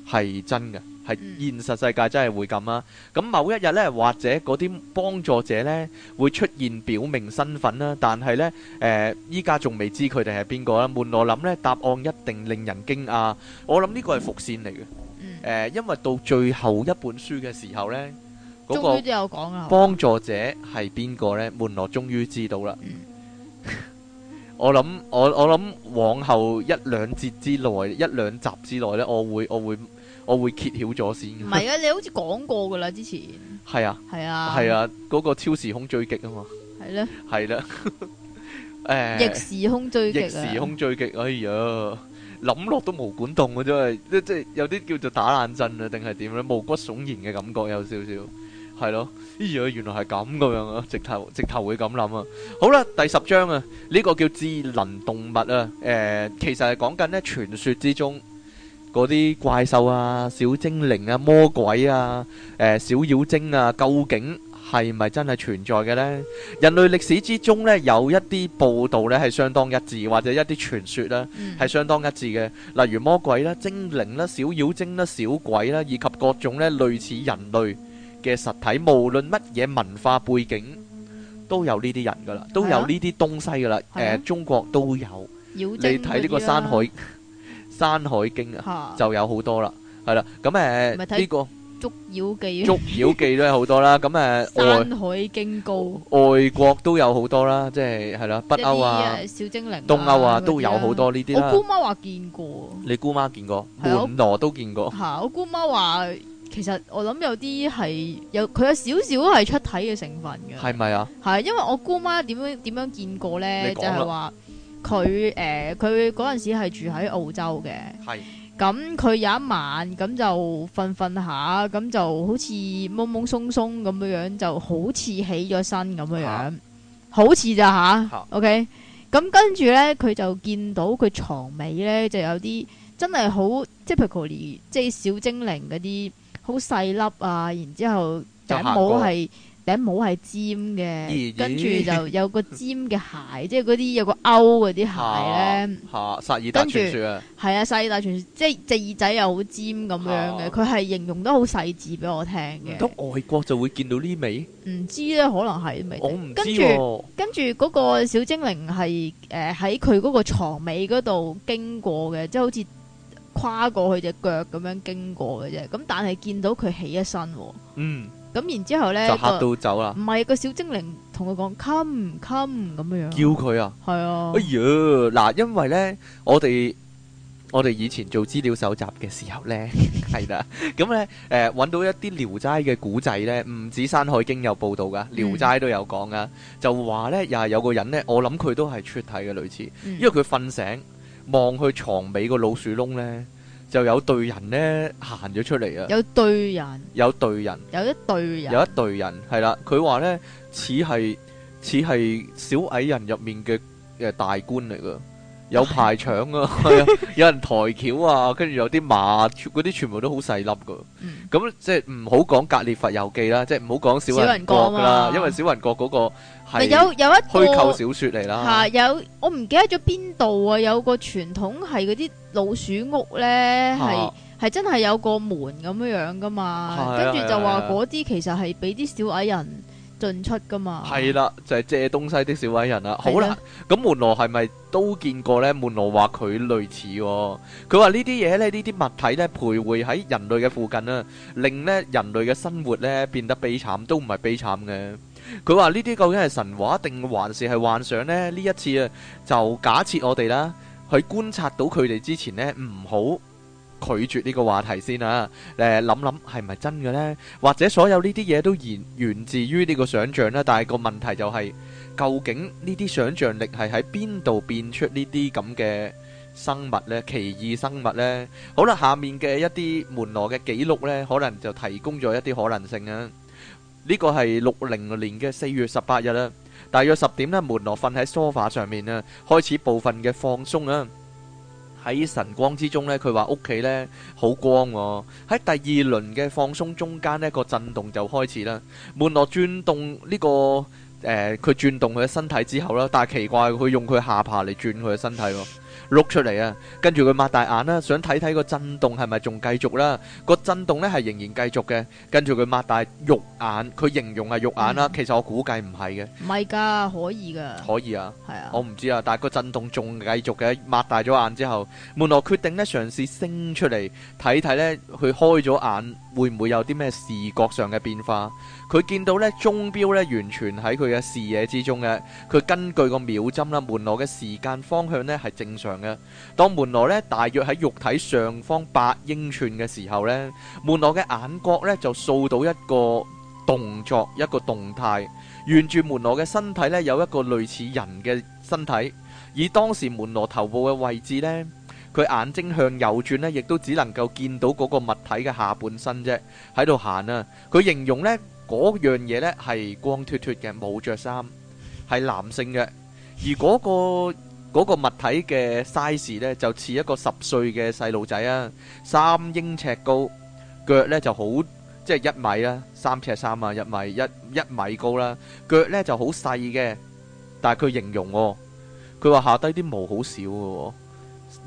係真嘅，係現實世界真係會咁啊。咁某一日呢，或者嗰啲幫助者呢，會出現表明身份啦啊，但係呢，誒依家仲未知佢哋係邊個啊。門羅諗呢，答案一定令人驚訝。我諗呢個係伏線嚟嘅。誒，因為到最後一本書嘅時候咧，嗰個幫助者係邊個咧？門羅終於知道啦。嗯，我諗我我諗往後一兩節之內，一兩集之內咧，我會我會我會揭曉咗先。唔係啊，你好似講過噶啦，之前。係啊。係啊。係啊，嗰個超時空追擊啊嘛。係咧。係咧。誒，逆時空追逆時空追擊，哎呀！諗落都毛管動嘅，真係即即係有啲叫做打冷震啊，定係點咧？毛骨悚然嘅感覺有少少，係咯。咦呀，原來係咁嘅樣啊！直頭直頭會咁諗啊。好啦，第十章啊，呢個叫智能動物啊。誒，其實係講緊咧傳說之中嗰啲怪獸啊、小精靈啊、魔鬼啊、誒小妖精啊，究竟，係咪真係存在嘅呢？人類歷史之中呢，有一啲報道呢係相當一致，或者一啲傳說呢，係相當一致嘅。例如魔鬼啦、精靈啦、小妖精啦、小鬼啦，以及各種呢類似人類嘅實體，無論乜嘢文化背景，都有呢啲人噶啦，都有呢啲東西噶啦。誒，中國都有，你睇呢個《山海山海經》啊，就有好多啦。係啦，咁誒呢個。捉妖記，捉妖記都係好多啦。咁誒，山海經高外國都有好多啦，即係係啦，北歐啊、小精靈、東歐啊都有好多呢啲啦。我姑媽話見過，你姑媽見過，門羅都見過。吓，我姑媽話其實我諗有啲係有佢有少少係出體嘅成分嘅，係咪啊？係啊，因為我姑媽點樣點樣見過咧，就係話佢誒，佢嗰陣時係住喺澳洲嘅，係。咁佢有一晚咁就瞓瞓下，咁就好似懵懵鬆鬆咁樣樣，就好似起咗身咁樣樣，啊、好似咋吓？OK，咁跟住咧，佢就見到佢床尾咧就有啲真係好，typical，即係小精靈嗰啲好細粒啊，然之後就冇係。頂帽係尖嘅，欸、跟住就有個尖嘅鞋， [laughs] 即係嗰啲有個勾嗰啲鞋咧。吓！撒爾達傳說啊，係啊，撒爾達傳說即係隻耳仔又好尖咁樣嘅，佢係、啊、形容得好細緻俾我聽嘅。咁外國就會見到呢味，唔知咧，可能係啲、啊、我唔知，跟住，跟住嗰個小精靈係誒喺佢嗰個床尾嗰度經過嘅，即係好似跨過去隻腳咁樣經過嘅啫。咁但係見到佢起一身，嗯。嗯咁然之後咧，就嚇到走啦。唔係、個小精靈同佢講 come come 咁樣叫佢啊。係啊。哎呀，嗱， [laughs] 因為咧，我哋我哋以前做資料搜集嘅時候咧，係啦。 [laughs] 咁、嗯、咧，誒揾到一啲《聊齋》嘅古仔咧，唔止《山海經》有報道噶，《聊齋》都有講噶。就話咧，又係有個人咧，我諗佢都係出體嘅類似，因為佢瞓醒望去床尾個老鼠窿咧。就有隊人咧，行咗出嚟啊！有隊人，有隊人，有隊人，有一隊人，有一隊人，係啦！佢話咧似係似係小矮人入面嘅誒大官嚟噶，有排場啊， [laughs] 有人抬轎啊，跟住有啲馬，嗰啲全部都好細粒噶。咁、嗯、即係唔好講《格列佛遊記》啦，即係唔好講小人國啦，因為小人國嗰、嗰個。咪有有一虛構小說嚟啦，嚇有我唔記得咗邊度啊！有個傳統係嗰啲老鼠屋咧，係係真係有個門咁樣樣噶嘛，跟住就話嗰啲其實係俾啲小矮人進出噶嘛。係啦，就係借東西的小矮人啦。好啦，咁門羅係咪都見過咧？門羅話佢類似，佢話呢啲嘢咧，呢啲物體咧，徘徊喺人類嘅附近啊，令咧人類嘅生活咧變得悲慘，都唔係悲慘嘅。佢話呢啲究竟係神話定還是係幻想呢？呢一次啊，就假設我哋啦，喺觀察到佢哋之前呢，唔好拒絕呢個話題先啊！誒，諗諗係咪真嘅呢？或者所有呢啲嘢，都源源自於呢個想象呢？但係個問題就係，是，究竟呢啲想象力係喺邊度變出呢啲咁嘅生物呢？奇異生物呢？好啦，下面嘅一啲門羅嘅記錄呢，可能就提供咗一啲可能性啊！呢個係六零年嘅四月十八日啦，大約十點咧，門羅瞓喺 sofa 上面啦，開始部分嘅放鬆啦。喺神光之中咧，佢話屋企咧好光喎。喺第二輪嘅放鬆中間咧，一個震動就開始啦。門羅轉動呢、這個誒，佢、呃、轉動佢嘅身體之後啦，但係奇怪佢用佢下巴嚟轉佢嘅身體喎。碌出嚟啊！跟住佢擘大眼啦，想睇睇個震動係咪仲繼續啦？個震動咧係仍然繼續嘅。跟住佢擘大肉眼，佢形容係肉眼啦。嗯、其實我估計唔係嘅，唔係噶，可以噶，可以啊，係啊的，我唔知啊。但係個震動仲繼續嘅，擘大咗眼之後，門羅決定咧嘗試升出嚟睇睇咧，佢開咗眼會唔會有啲咩視覺上嘅變化？佢見到咧鐘錶咧，完全喺佢嘅視野之中嘅。佢根據個秒針啦，門羅嘅時間方向咧係正常嘅。當門羅咧大約喺肉體上方八英寸嘅時候咧，門羅嘅眼角咧就掃到一個動作、一個動態，沿住門羅嘅身體咧有一個類似人嘅身體。以當時門羅頭部嘅位置咧，佢眼睛向右轉咧，亦都只能夠見到嗰個物體嘅下半身啫，喺度行啊！佢形容呢。嗰樣嘢咧係光脱脱嘅，冇著衫，係男性嘅。而嗰個嗰個物體嘅 size 咧就似一個十歲嘅細路仔啊，三英尺高，腳咧就好即係一米啊，三尺三啊，一米一一米高啦，腳咧就好細嘅。但係佢形容喎，佢話下低啲毛好少嘅喎，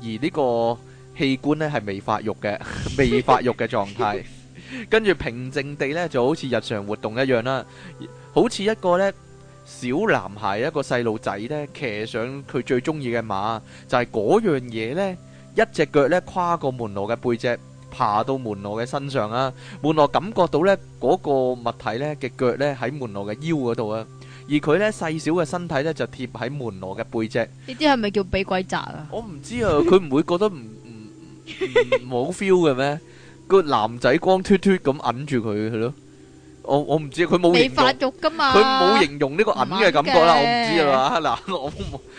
而呢個器官咧係未發育嘅，未發育嘅狀態。跟住平靜地咧，就好似日常活動一樣啦，好似一個咧小男孩，一個細路仔咧騎上佢最中意嘅馬，就係、是、嗰樣嘢咧，一隻腳咧跨過門羅嘅背脊，爬到門羅嘅身上啊！門羅感覺到咧嗰、那個物體咧嘅腳咧喺門羅嘅腰嗰度啊，而佢咧細小嘅身體咧就貼喺門羅嘅背脊。呢啲係咪叫俾鬼扎啊？我唔知啊，佢唔 [laughs] 會覺得唔唔唔冇 feel 嘅咩？個男仔光脫脫咁揞住佢，係咯？我我唔知，佢冇發育噶嘛？佢冇形容呢個揞嘅感覺啦， [laughs] 我唔知啊嘛。嗱，我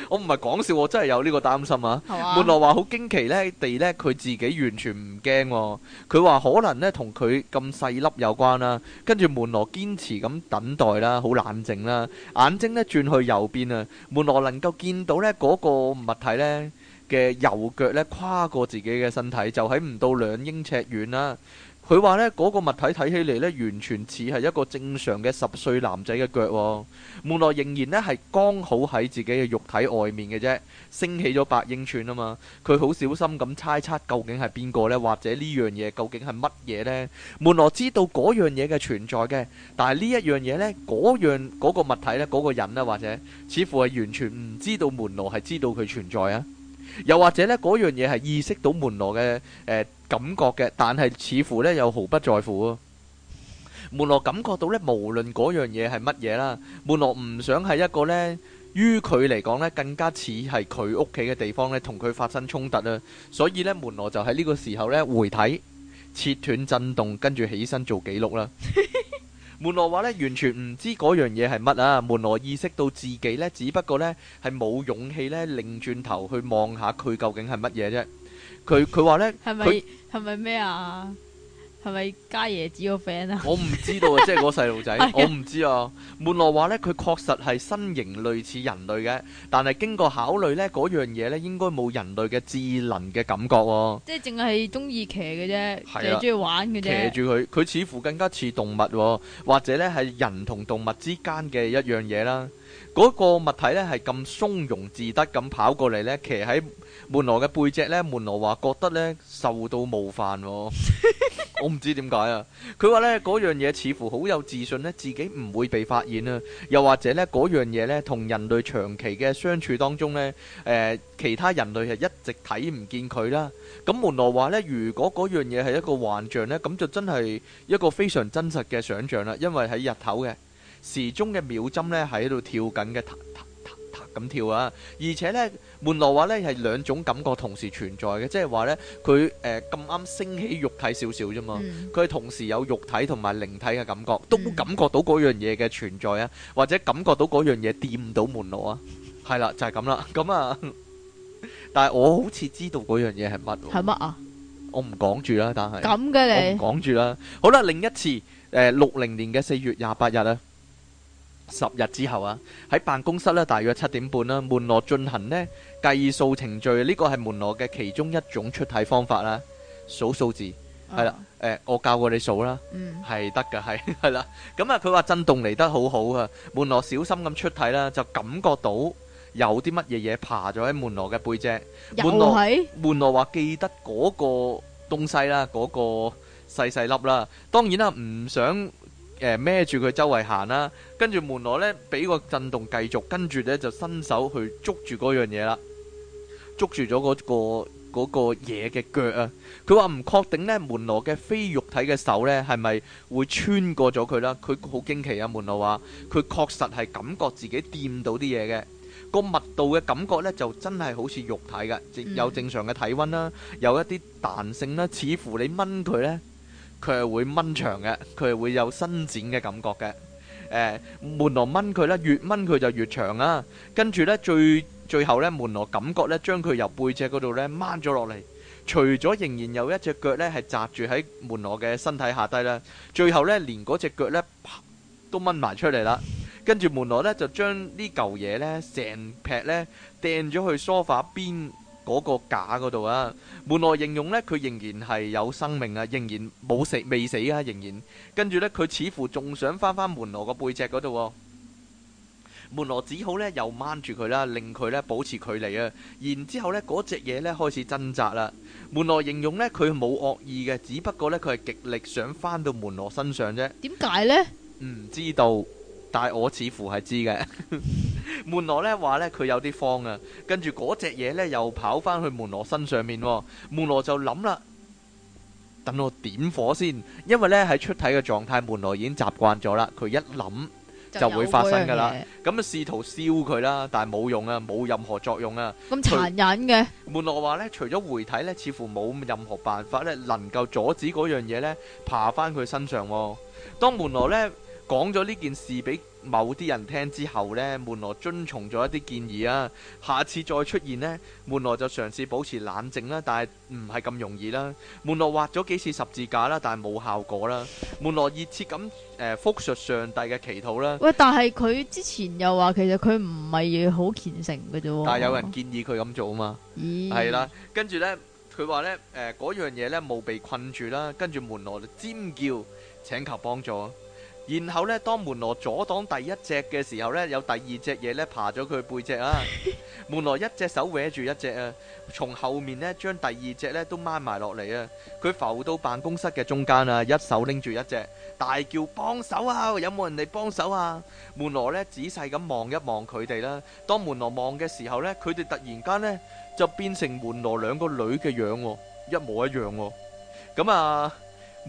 我唔係講笑，我真係有呢個擔心啊。啊門羅話好驚奇咧，地咧佢自己完全唔驚，哦，佢話可能咧同佢咁細粒有關啦，啊。跟住門羅堅持咁等待啦，啊，好冷靜啦，啊，眼睛咧轉去右邊啊。門羅能夠見到咧嗰，那個物體咧。嘅右腳咧跨過自己嘅身體，就喺唔到兩英尺遠啦。佢話呢嗰個物體睇起嚟咧，完全似係一個正常嘅十歲男仔嘅腳。門羅仍然咧係剛好喺自己嘅肉體外面嘅啫，升起咗八英寸啊嘛。佢好小心咁猜測究竟係邊個呢？或者呢樣嘢究竟係乜嘢呢？門羅知道嗰樣嘢嘅存在嘅，但係呢一樣嘢呢，嗰樣嗰個物體呢，嗰個人呢，或者似乎係完全唔知道門羅係知道佢存在啊。又或者呢，嗰樣嘢係意識到門羅嘅誒感覺嘅，但係似乎呢又毫不在乎咯。門羅感覺到呢，無論嗰樣嘢係乜嘢啦，門羅唔想係一個呢，於佢嚟講呢，更加似係佢屋企嘅地方呢，同佢發生衝突啊！所以呢，門羅就喺呢個時候呢，回體，切斷震動，跟住起身做記錄啦。 [laughs] 門羅話咧，完全唔知嗰樣嘢係乜啊！門羅意識到自己咧，只不過咧係冇勇氣咧，擰轉頭去望下佢究竟係乜嘢啫。佢佢話咧，佢係咪係咪咩啊？係咪家爺子個 friend 啊？我唔知，就是、 [laughs] 知道啊，即係嗰細路仔，我唔知啊。門羅話咧，佢確實係身形類似人類嘅，但係經過考慮咧，嗰樣嘢咧應該冇人類嘅智能嘅感覺喎。即係淨係中意騎嘅啫，淨係中意玩嘅啫。騎住佢，佢似乎更加似動物喎，或者咧係人同動物之間嘅一樣嘢啦。嗰個物體呢係咁從容自得咁跑過嚟呢，騎喺門羅嘅背脊呢。門羅話覺得呢受到冒犯喎，我唔知點解啊。佢話呢嗰樣嘢似乎好有自信呢，自己唔會被發現啊。又或者呢嗰樣嘢呢同人類長期嘅相處當中呢，誒其他人類係一直睇唔見佢啦。咁門羅話呢，如果嗰樣嘢係一個幻象呢，咁就真係一個非常真實嘅想像啦，因為喺日頭嘅。時鐘嘅秒針咧喺度跳緊嘅，踏踏踏踏咁跳啊！而且咧，門羅話咧係兩種感覺同時存在嘅，即係話咧佢誒咁啱升起肉體少少啫嘛，佢、嗯、同時有肉體同埋靈體嘅感覺，都感覺到嗰樣嘢嘅存在啊，或者感覺到嗰樣嘢掂到門羅啊，係啦、 [laughs] 嗯，就係咁啦，咁、嗯、啊，但係我好似知道嗰樣嘢係乜喎？係乜啊？我唔講住啦，但係咁嘅你唔講住啦。好啦，另一次誒六零年嘅四月廿八日咧。十日之後啊，喺辦公室咧，大約七點半啦。門羅進行咧計數程序，呢個係門羅嘅其中一種出體方法啦。數數字，係啦，誒，我教過你數啦，係得㗎，係係啦。咁啊，佢話震動嚟得好好啊。門羅小心咁出體啦，就感覺到有啲乜嘢嘢爬咗喺門羅嘅背脊。又係門羅話記得嗰個東西啦，嗰個細細粒啦。當然啦，唔想。誒，孭住佢周圍行啦，跟住門羅呢，俾個震動繼續，跟住呢，就伸手去捉住嗰樣嘢啦，捉住咗嗰、嗰個、嗰個嘢嘅腳啊！佢話唔確定呢門羅嘅非肉體嘅手呢係咪會穿過咗佢啦？佢好驚奇啊！門羅話，佢確實係感覺自己掂到啲嘢嘅，個密度嘅感覺呢，就真係好似肉體嘅，有正常嘅體溫啦、啊，有一啲彈性啦、啊，似乎你掹佢呢。佢係會掹長嘅，佢係會有伸展嘅感覺嘅。誒、呃，門羅掹佢咧，越掹佢就越長啊！跟住咧，最最後咧，門羅感覺咧，將佢由背脊嗰度咧掹咗落嚟，除咗仍然有一隻腳咧係扎住喺門羅嘅身體下低啦，最後咧連嗰隻腳咧都掹埋出嚟啦，跟住門羅咧就將呢嚿嘢咧成劈咧掟咗去梳化邊。嗰個架嗰度啊，門羅形容呢，佢仍然係有生命啊，仍然冇死，未死啊，仍然跟住呢，佢似乎仲想翻翻門羅個背脊嗰度，門羅只好呢，又掹住佢啦，令佢呢保持距離啊。然之後咧，嗰隻嘢呢開始掙扎啦。門羅形容呢，佢冇惡意嘅，只不過呢，佢係極力想翻到門羅身上啫。點解呢？唔知道。但係我似乎係知嘅，門羅咧話咧佢有啲慌啊，跟住嗰隻嘢咧又跑翻去門羅身上面，門羅就諗啦，等我點火先，因為咧喺出體嘅狀態，門羅已經習慣咗啦，佢一諗就會發生噶啦，咁啊試圖燒佢啦，但係冇用啊，冇任何作用啊，咁殘忍嘅，門羅話咧除咗回體咧，似乎冇任何辦法咧能夠阻止嗰樣嘢咧爬翻佢身上，當門羅咧。講咗呢件事俾某啲人聽之後呢，門羅遵從咗一啲建議啊，下次再出現呢門羅就嘗試保持冷靜啦、啊，但係唔係咁容易啦、啊。門羅畫咗幾次十字架啦、啊，但係冇效果啦、啊。門羅熱切咁誒、呃、復述上帝嘅祈禱啦、啊。喂，但係佢之前又話其實佢唔係好虔誠嘅啫。但係有人建議佢咁做啊嘛。咦、欸？係啦，跟住呢，佢話呢誒嗰、呃、樣嘢呢冇被困住啦、啊，跟住門羅就尖叫請求幫助。然後咧，當門羅阻擋第一隻嘅時候咧，有第二隻嘢咧爬咗佢背脊啊。 [laughs] 門羅一隻手搲住一隻啊，從後面咧將第二隻咧都掹埋落嚟啊。佢浮到辦公室嘅中間啊，一手拎住一隻，大叫幫手啊！哦、有冇人嚟幫手啊？門羅咧仔細咁望一望佢哋啦。當門羅望嘅時候咧，佢哋突然間咧就變成門羅兩個女嘅樣喎，一模一樣喎。咁啊。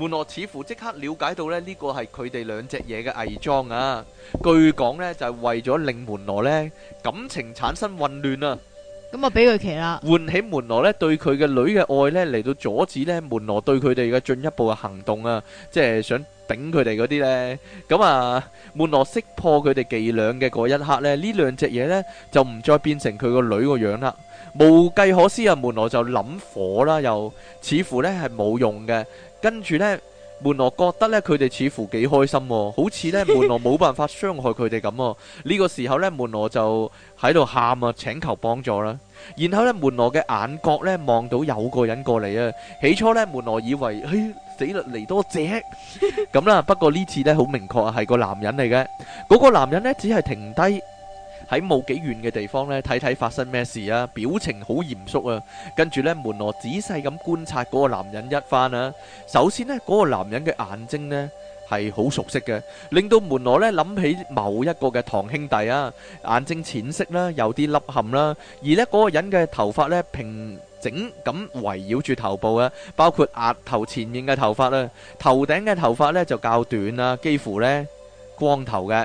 門羅似乎即刻了解到咧，呢個係佢哋兩隻嘢嘅偽裝啊。據講咧，就係為咗令門羅咧感情產生混亂啊。咁啊，俾佢騎啦，喚起門羅咧對佢嘅女嘅愛咧嚟到阻止咧門羅對佢哋嘅進一步嘅行動啊，即係想頂佢哋嗰啲咧。咁啊，門羅識破佢哋伎倆嘅嗰一刻咧，呢兩隻嘢咧就唔再變成佢個女個樣啦。無計可施啊，門羅就諗火啦，又似乎咧係冇用嘅。跟住呢，門羅覺得呢，佢哋似乎幾開心，哦，好似呢門羅冇辦法傷害佢哋咁。呢、呢個時候呢，門羅就喺度喊啊，請求幫助啦。然後呢，門羅嘅眼角呢，望到有個人過嚟啊。起初呢，門羅以為，嘿，死啦，嚟多隻咁啦。不過呢次呢，好明確係個男人嚟嘅。嗰、嗰個男人呢，只係停低。喺冇幾遠嘅地方呢，睇睇發生咩事啊！表情好嚴肅啊，跟住呢門羅仔細咁觀察嗰個男人一番啊。首先呢，嗰個男人嘅眼睛呢係好熟悉嘅，令到門羅呢諗起某一個嘅堂兄弟啊。眼睛淺色啦，有啲凹陷啦，而呢嗰個人嘅頭髮呢，平整咁圍繞住頭部啊，包括額頭前面嘅頭髮啦，頭頂嘅頭髮呢就較短啦，幾乎呢光頭嘅。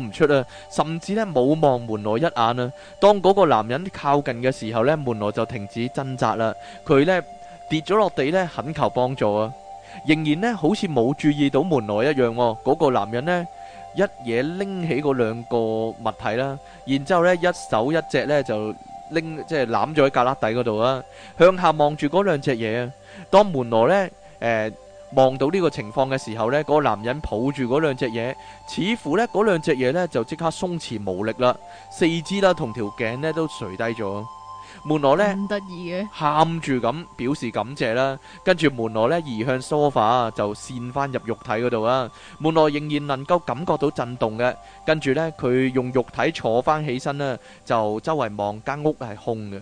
唔出啊，甚至咧冇望門羅一眼啊。當嗰個男人靠近嘅時候咧，門羅就停止掙扎啦。佢咧跌咗落地咧，懇求幫助啊。仍然咧，好似冇注意到門羅一樣。嗰個男人咧，一嘢拎起嗰兩個物體啦，然之後咧，一手一隻咧就拎即係攬咗喺旮旯底嗰度啦，向下望住嗰兩隻嘢啊。當門羅咧，誒。望到呢個情況嘅時候呢，嗰個男人抱住嗰兩隻嘢，似乎呢嗰兩隻嘢呢就即刻鬆弛無力啦，四肢啦同條頸呢都垂低咗。門羅呢，喊住咁表示感謝啦，跟住門羅呢移向梳化就扇翻入肉體嗰度啊。門羅仍然能夠感覺到震動嘅，跟住呢佢用肉體坐翻起身啦，就周圍望間屋係空嘅。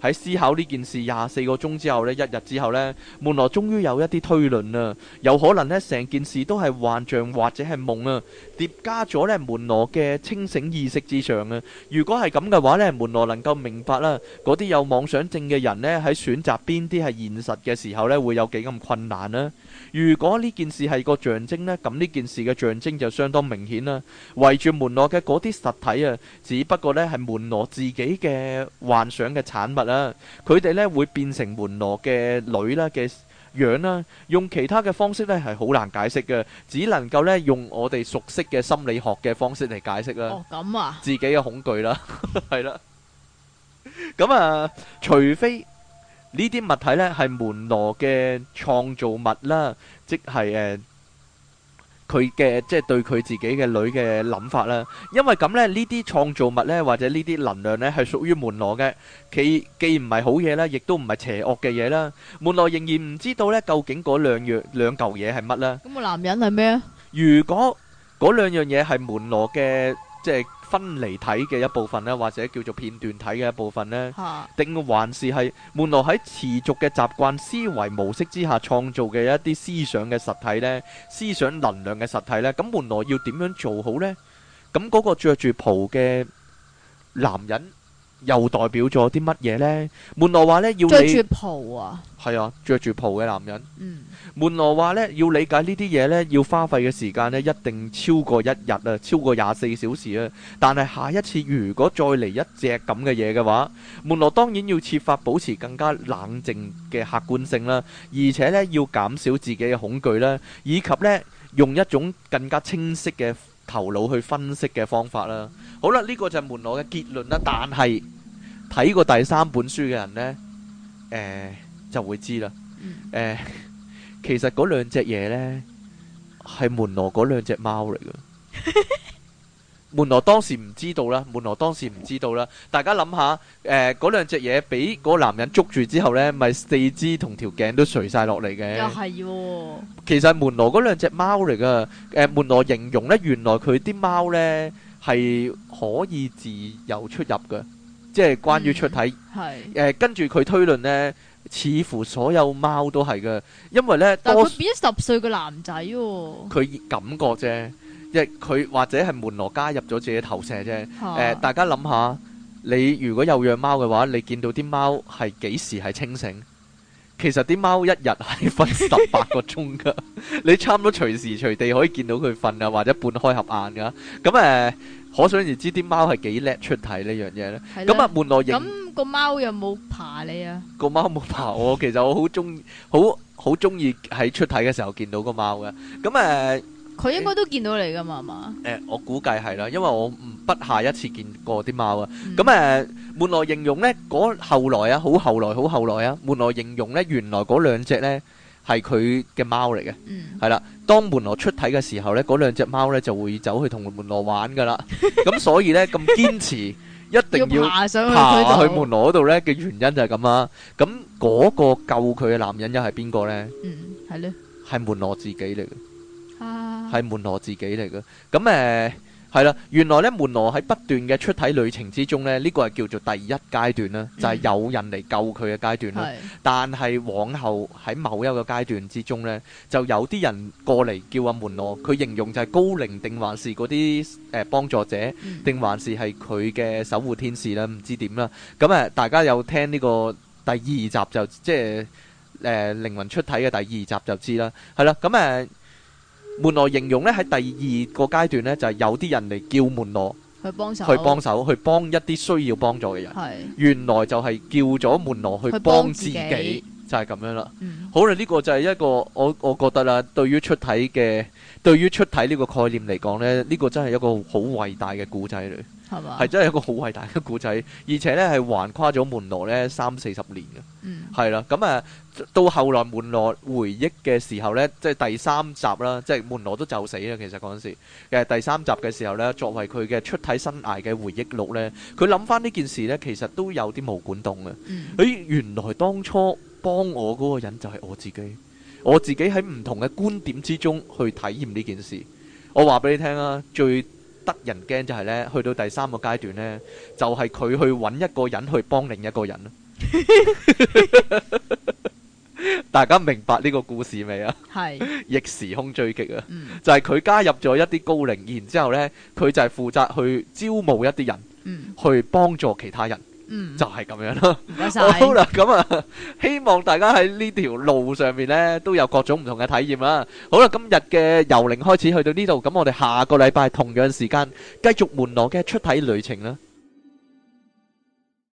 喺思考呢件事廿四個鐘之後咧，一日之後呢，門羅終於有一啲推論啦，有可能呢，成件事都係幻象或者係夢啊。疊加咗咧門羅嘅清醒意識之上啊！如果係咁嘅話咧，門羅能夠明白啦，嗰啲有妄想症嘅人呢，喺選擇邊啲係現實嘅時候呢，會有幾咁困難咧？如果呢件事係個象徵呢，咁呢件事嘅象徵就相當明顯啦。圍住門羅嘅嗰啲實體啊，只不過呢係門羅自己嘅幻想嘅產物啦。佢哋呢會變成門羅嘅女啦嘅樣啦，用其他嘅方式咧，係好難解釋嘅，只能夠咧，用我哋熟悉嘅心理學嘅方式嚟解釋啦。哦，咁啊，自己嘅恐懼啦，係啦。咁啊，除非呢啲物體咧係門羅嘅創造物啦，即係誒。佢嘅即係對佢自己嘅女嘅諗法啦，因為咁咧呢啲創造物咧，或者呢啲能量咧係屬於門羅嘅，佢既唔係好嘢啦，亦都唔係邪惡嘅嘢啦，門羅仍然唔知道咧究竟嗰兩樣兩嚿嘢係乜啦。咁個男人係咩啊？如果嗰兩樣嘢係門羅嘅，即係。分離體嘅一部分呢，或者叫做片段體嘅一部分呢，定、啊、還是係門羅喺持續嘅習慣思維模式之下創造嘅一啲思想嘅實體呢？思想能量嘅實體呢？咁門羅要點樣做好呢？咁嗰個着住袍嘅男人又代表咗啲乜嘢呢？門羅話呢，要你着住袍啊，係啊，着住袍嘅男人嗯。門羅話呢，要理解呢啲嘢呢，要花費嘅時間呢，一定超過一日啊，超過廿四小時啊。但係下一次如果再嚟一隻咁嘅嘢嘅話，門羅當然要設法保持更加冷靜嘅客觀性啦，而且呢要減少自己嘅恐懼啦，以及呢用一種更加清晰嘅頭腦去分析嘅方法啦。好啦，呢個就係門羅嘅結論啦。但係睇過第三本書嘅人呢，誒就會知啦，誒。其實嗰兩隻嘢咧，係門羅嗰兩隻貓嚟嘅。門羅當時唔知道啦，門羅當時唔知道啦。大家諗下，誒嗰兩隻嘢俾嗰個男人捉住之後咧，咪四肢同條頸都垂晒落嚟嘅。又係喎，其實門羅嗰兩隻貓嚟噶。誒，門羅形容咧，原來佢啲貓咧係可以自由出入嘅，即係關於出體。係。誒，跟住佢推論咧。似乎所有貓都係㗎，因為呢，但佢變咗十歲嘅男仔喎、哦。佢感覺啫，即係佢或者係門羅加入咗自己投射啫、啊呃。大家諗下，你如果有養貓嘅話，你見到啲貓係幾時係清醒？其實啲貓一日係瞓十八個鐘㗎， [laughs] [laughs] 你差唔多隨時隨地可以見到佢瞓啊，或者半開合眼㗎。咁誒、呃。可想而知，啲貓係幾叻出體呢樣嘢咧。咁啊的，門羅形咁個貓又冇爬你啊？個貓冇爬我，其實我好中好好中意喺出體嘅時候見到個貓嘅。咁誒，佢、呃、應該都見到你噶嘛？嘛誒、欸吧呃，我估計係啦，因為我唔不下一次見過啲貓啊。咁誒、嗯，門羅形容咧，嗰後來啊，好後來，好後來啊，門羅形容咧，原來嗰兩隻咧。係佢嘅貓嚟嘅，嗯，係啦。當門羅出體嘅時候咧，嗰兩隻貓咧就會走去同門羅玩噶啦。咁所以咧，咁堅持一定要爬上去門羅嗰度咧嘅原因就係咁啊。咁嗰個救佢嘅男人又係邊個咧？嗯，係咧，係門羅自己嚟嘅，係門羅自己嚟嘅。咁誒。係啦，原來咧門羅喺不斷嘅出體旅程之中咧，呢、這個係叫做第一階段啦，就係、是、有人嚟救佢嘅階段啦。嗯、但係往後喺某一個階段之中咧，就有啲人過嚟叫阿門羅，佢形容就係高靈定還是嗰啲誒幫助者，定、嗯、還是係佢嘅守護天使啦，唔知點啦。咁誒，大家有聽呢個第二集就即係誒靈魂出體嘅第二集就知啦。係啦，咁誒。呃門羅形容呢，喺第二個階段呢，就係、是、有啲人嚟叫門羅去幫手，去幫一啲需要幫助嘅人。是原來就係叫咗門羅去幫自己。就係咁樣啦。嗯、好啦，呢、這個就係一個我我覺得啦，對於出體嘅對於出體呢個概念嚟講咧，呢、這個真係一個好偉大嘅故仔嚟，係吧係真係一個好偉大嘅故仔，而且呢，係橫跨咗門羅咧三四十年嘅，係、嗯、啦。咁、嗯、啊，到後來門羅回憶嘅時候呢，即係第三集啦，即係門羅都就死啦。其實嗰陣時嘅第三集嘅時候呢，作為佢嘅出體生涯嘅回憶錄呢，佢諗翻呢件事呢，其實都有啲毛管動嘅。誒、嗯，原來當初。幫我嗰個人就係我自己，我自己喺唔同嘅觀點之中去體驗呢件事。我話俾你聽啊，最得人驚就係咧，去到第三個階段咧，就係、是、佢去揾一個人去幫另一個人。 [laughs] [laughs] 大家明白呢個故事未啊？係是 [laughs] 逆時空追擊啊！嗯、就係佢加入咗一啲高齡，然之後咧，佢就係負責去招募一啲人，嗯、去幫助其他人。嗯，就係咁樣咯謝， [laughs] 好啦，咁啊，希望大家喺呢條路上面咧都有各種唔同嘅體驗啦。好啦，今日嘅由零開始去到呢度，咁我哋下個禮拜同樣時間繼續門羅嘅出體旅程啦。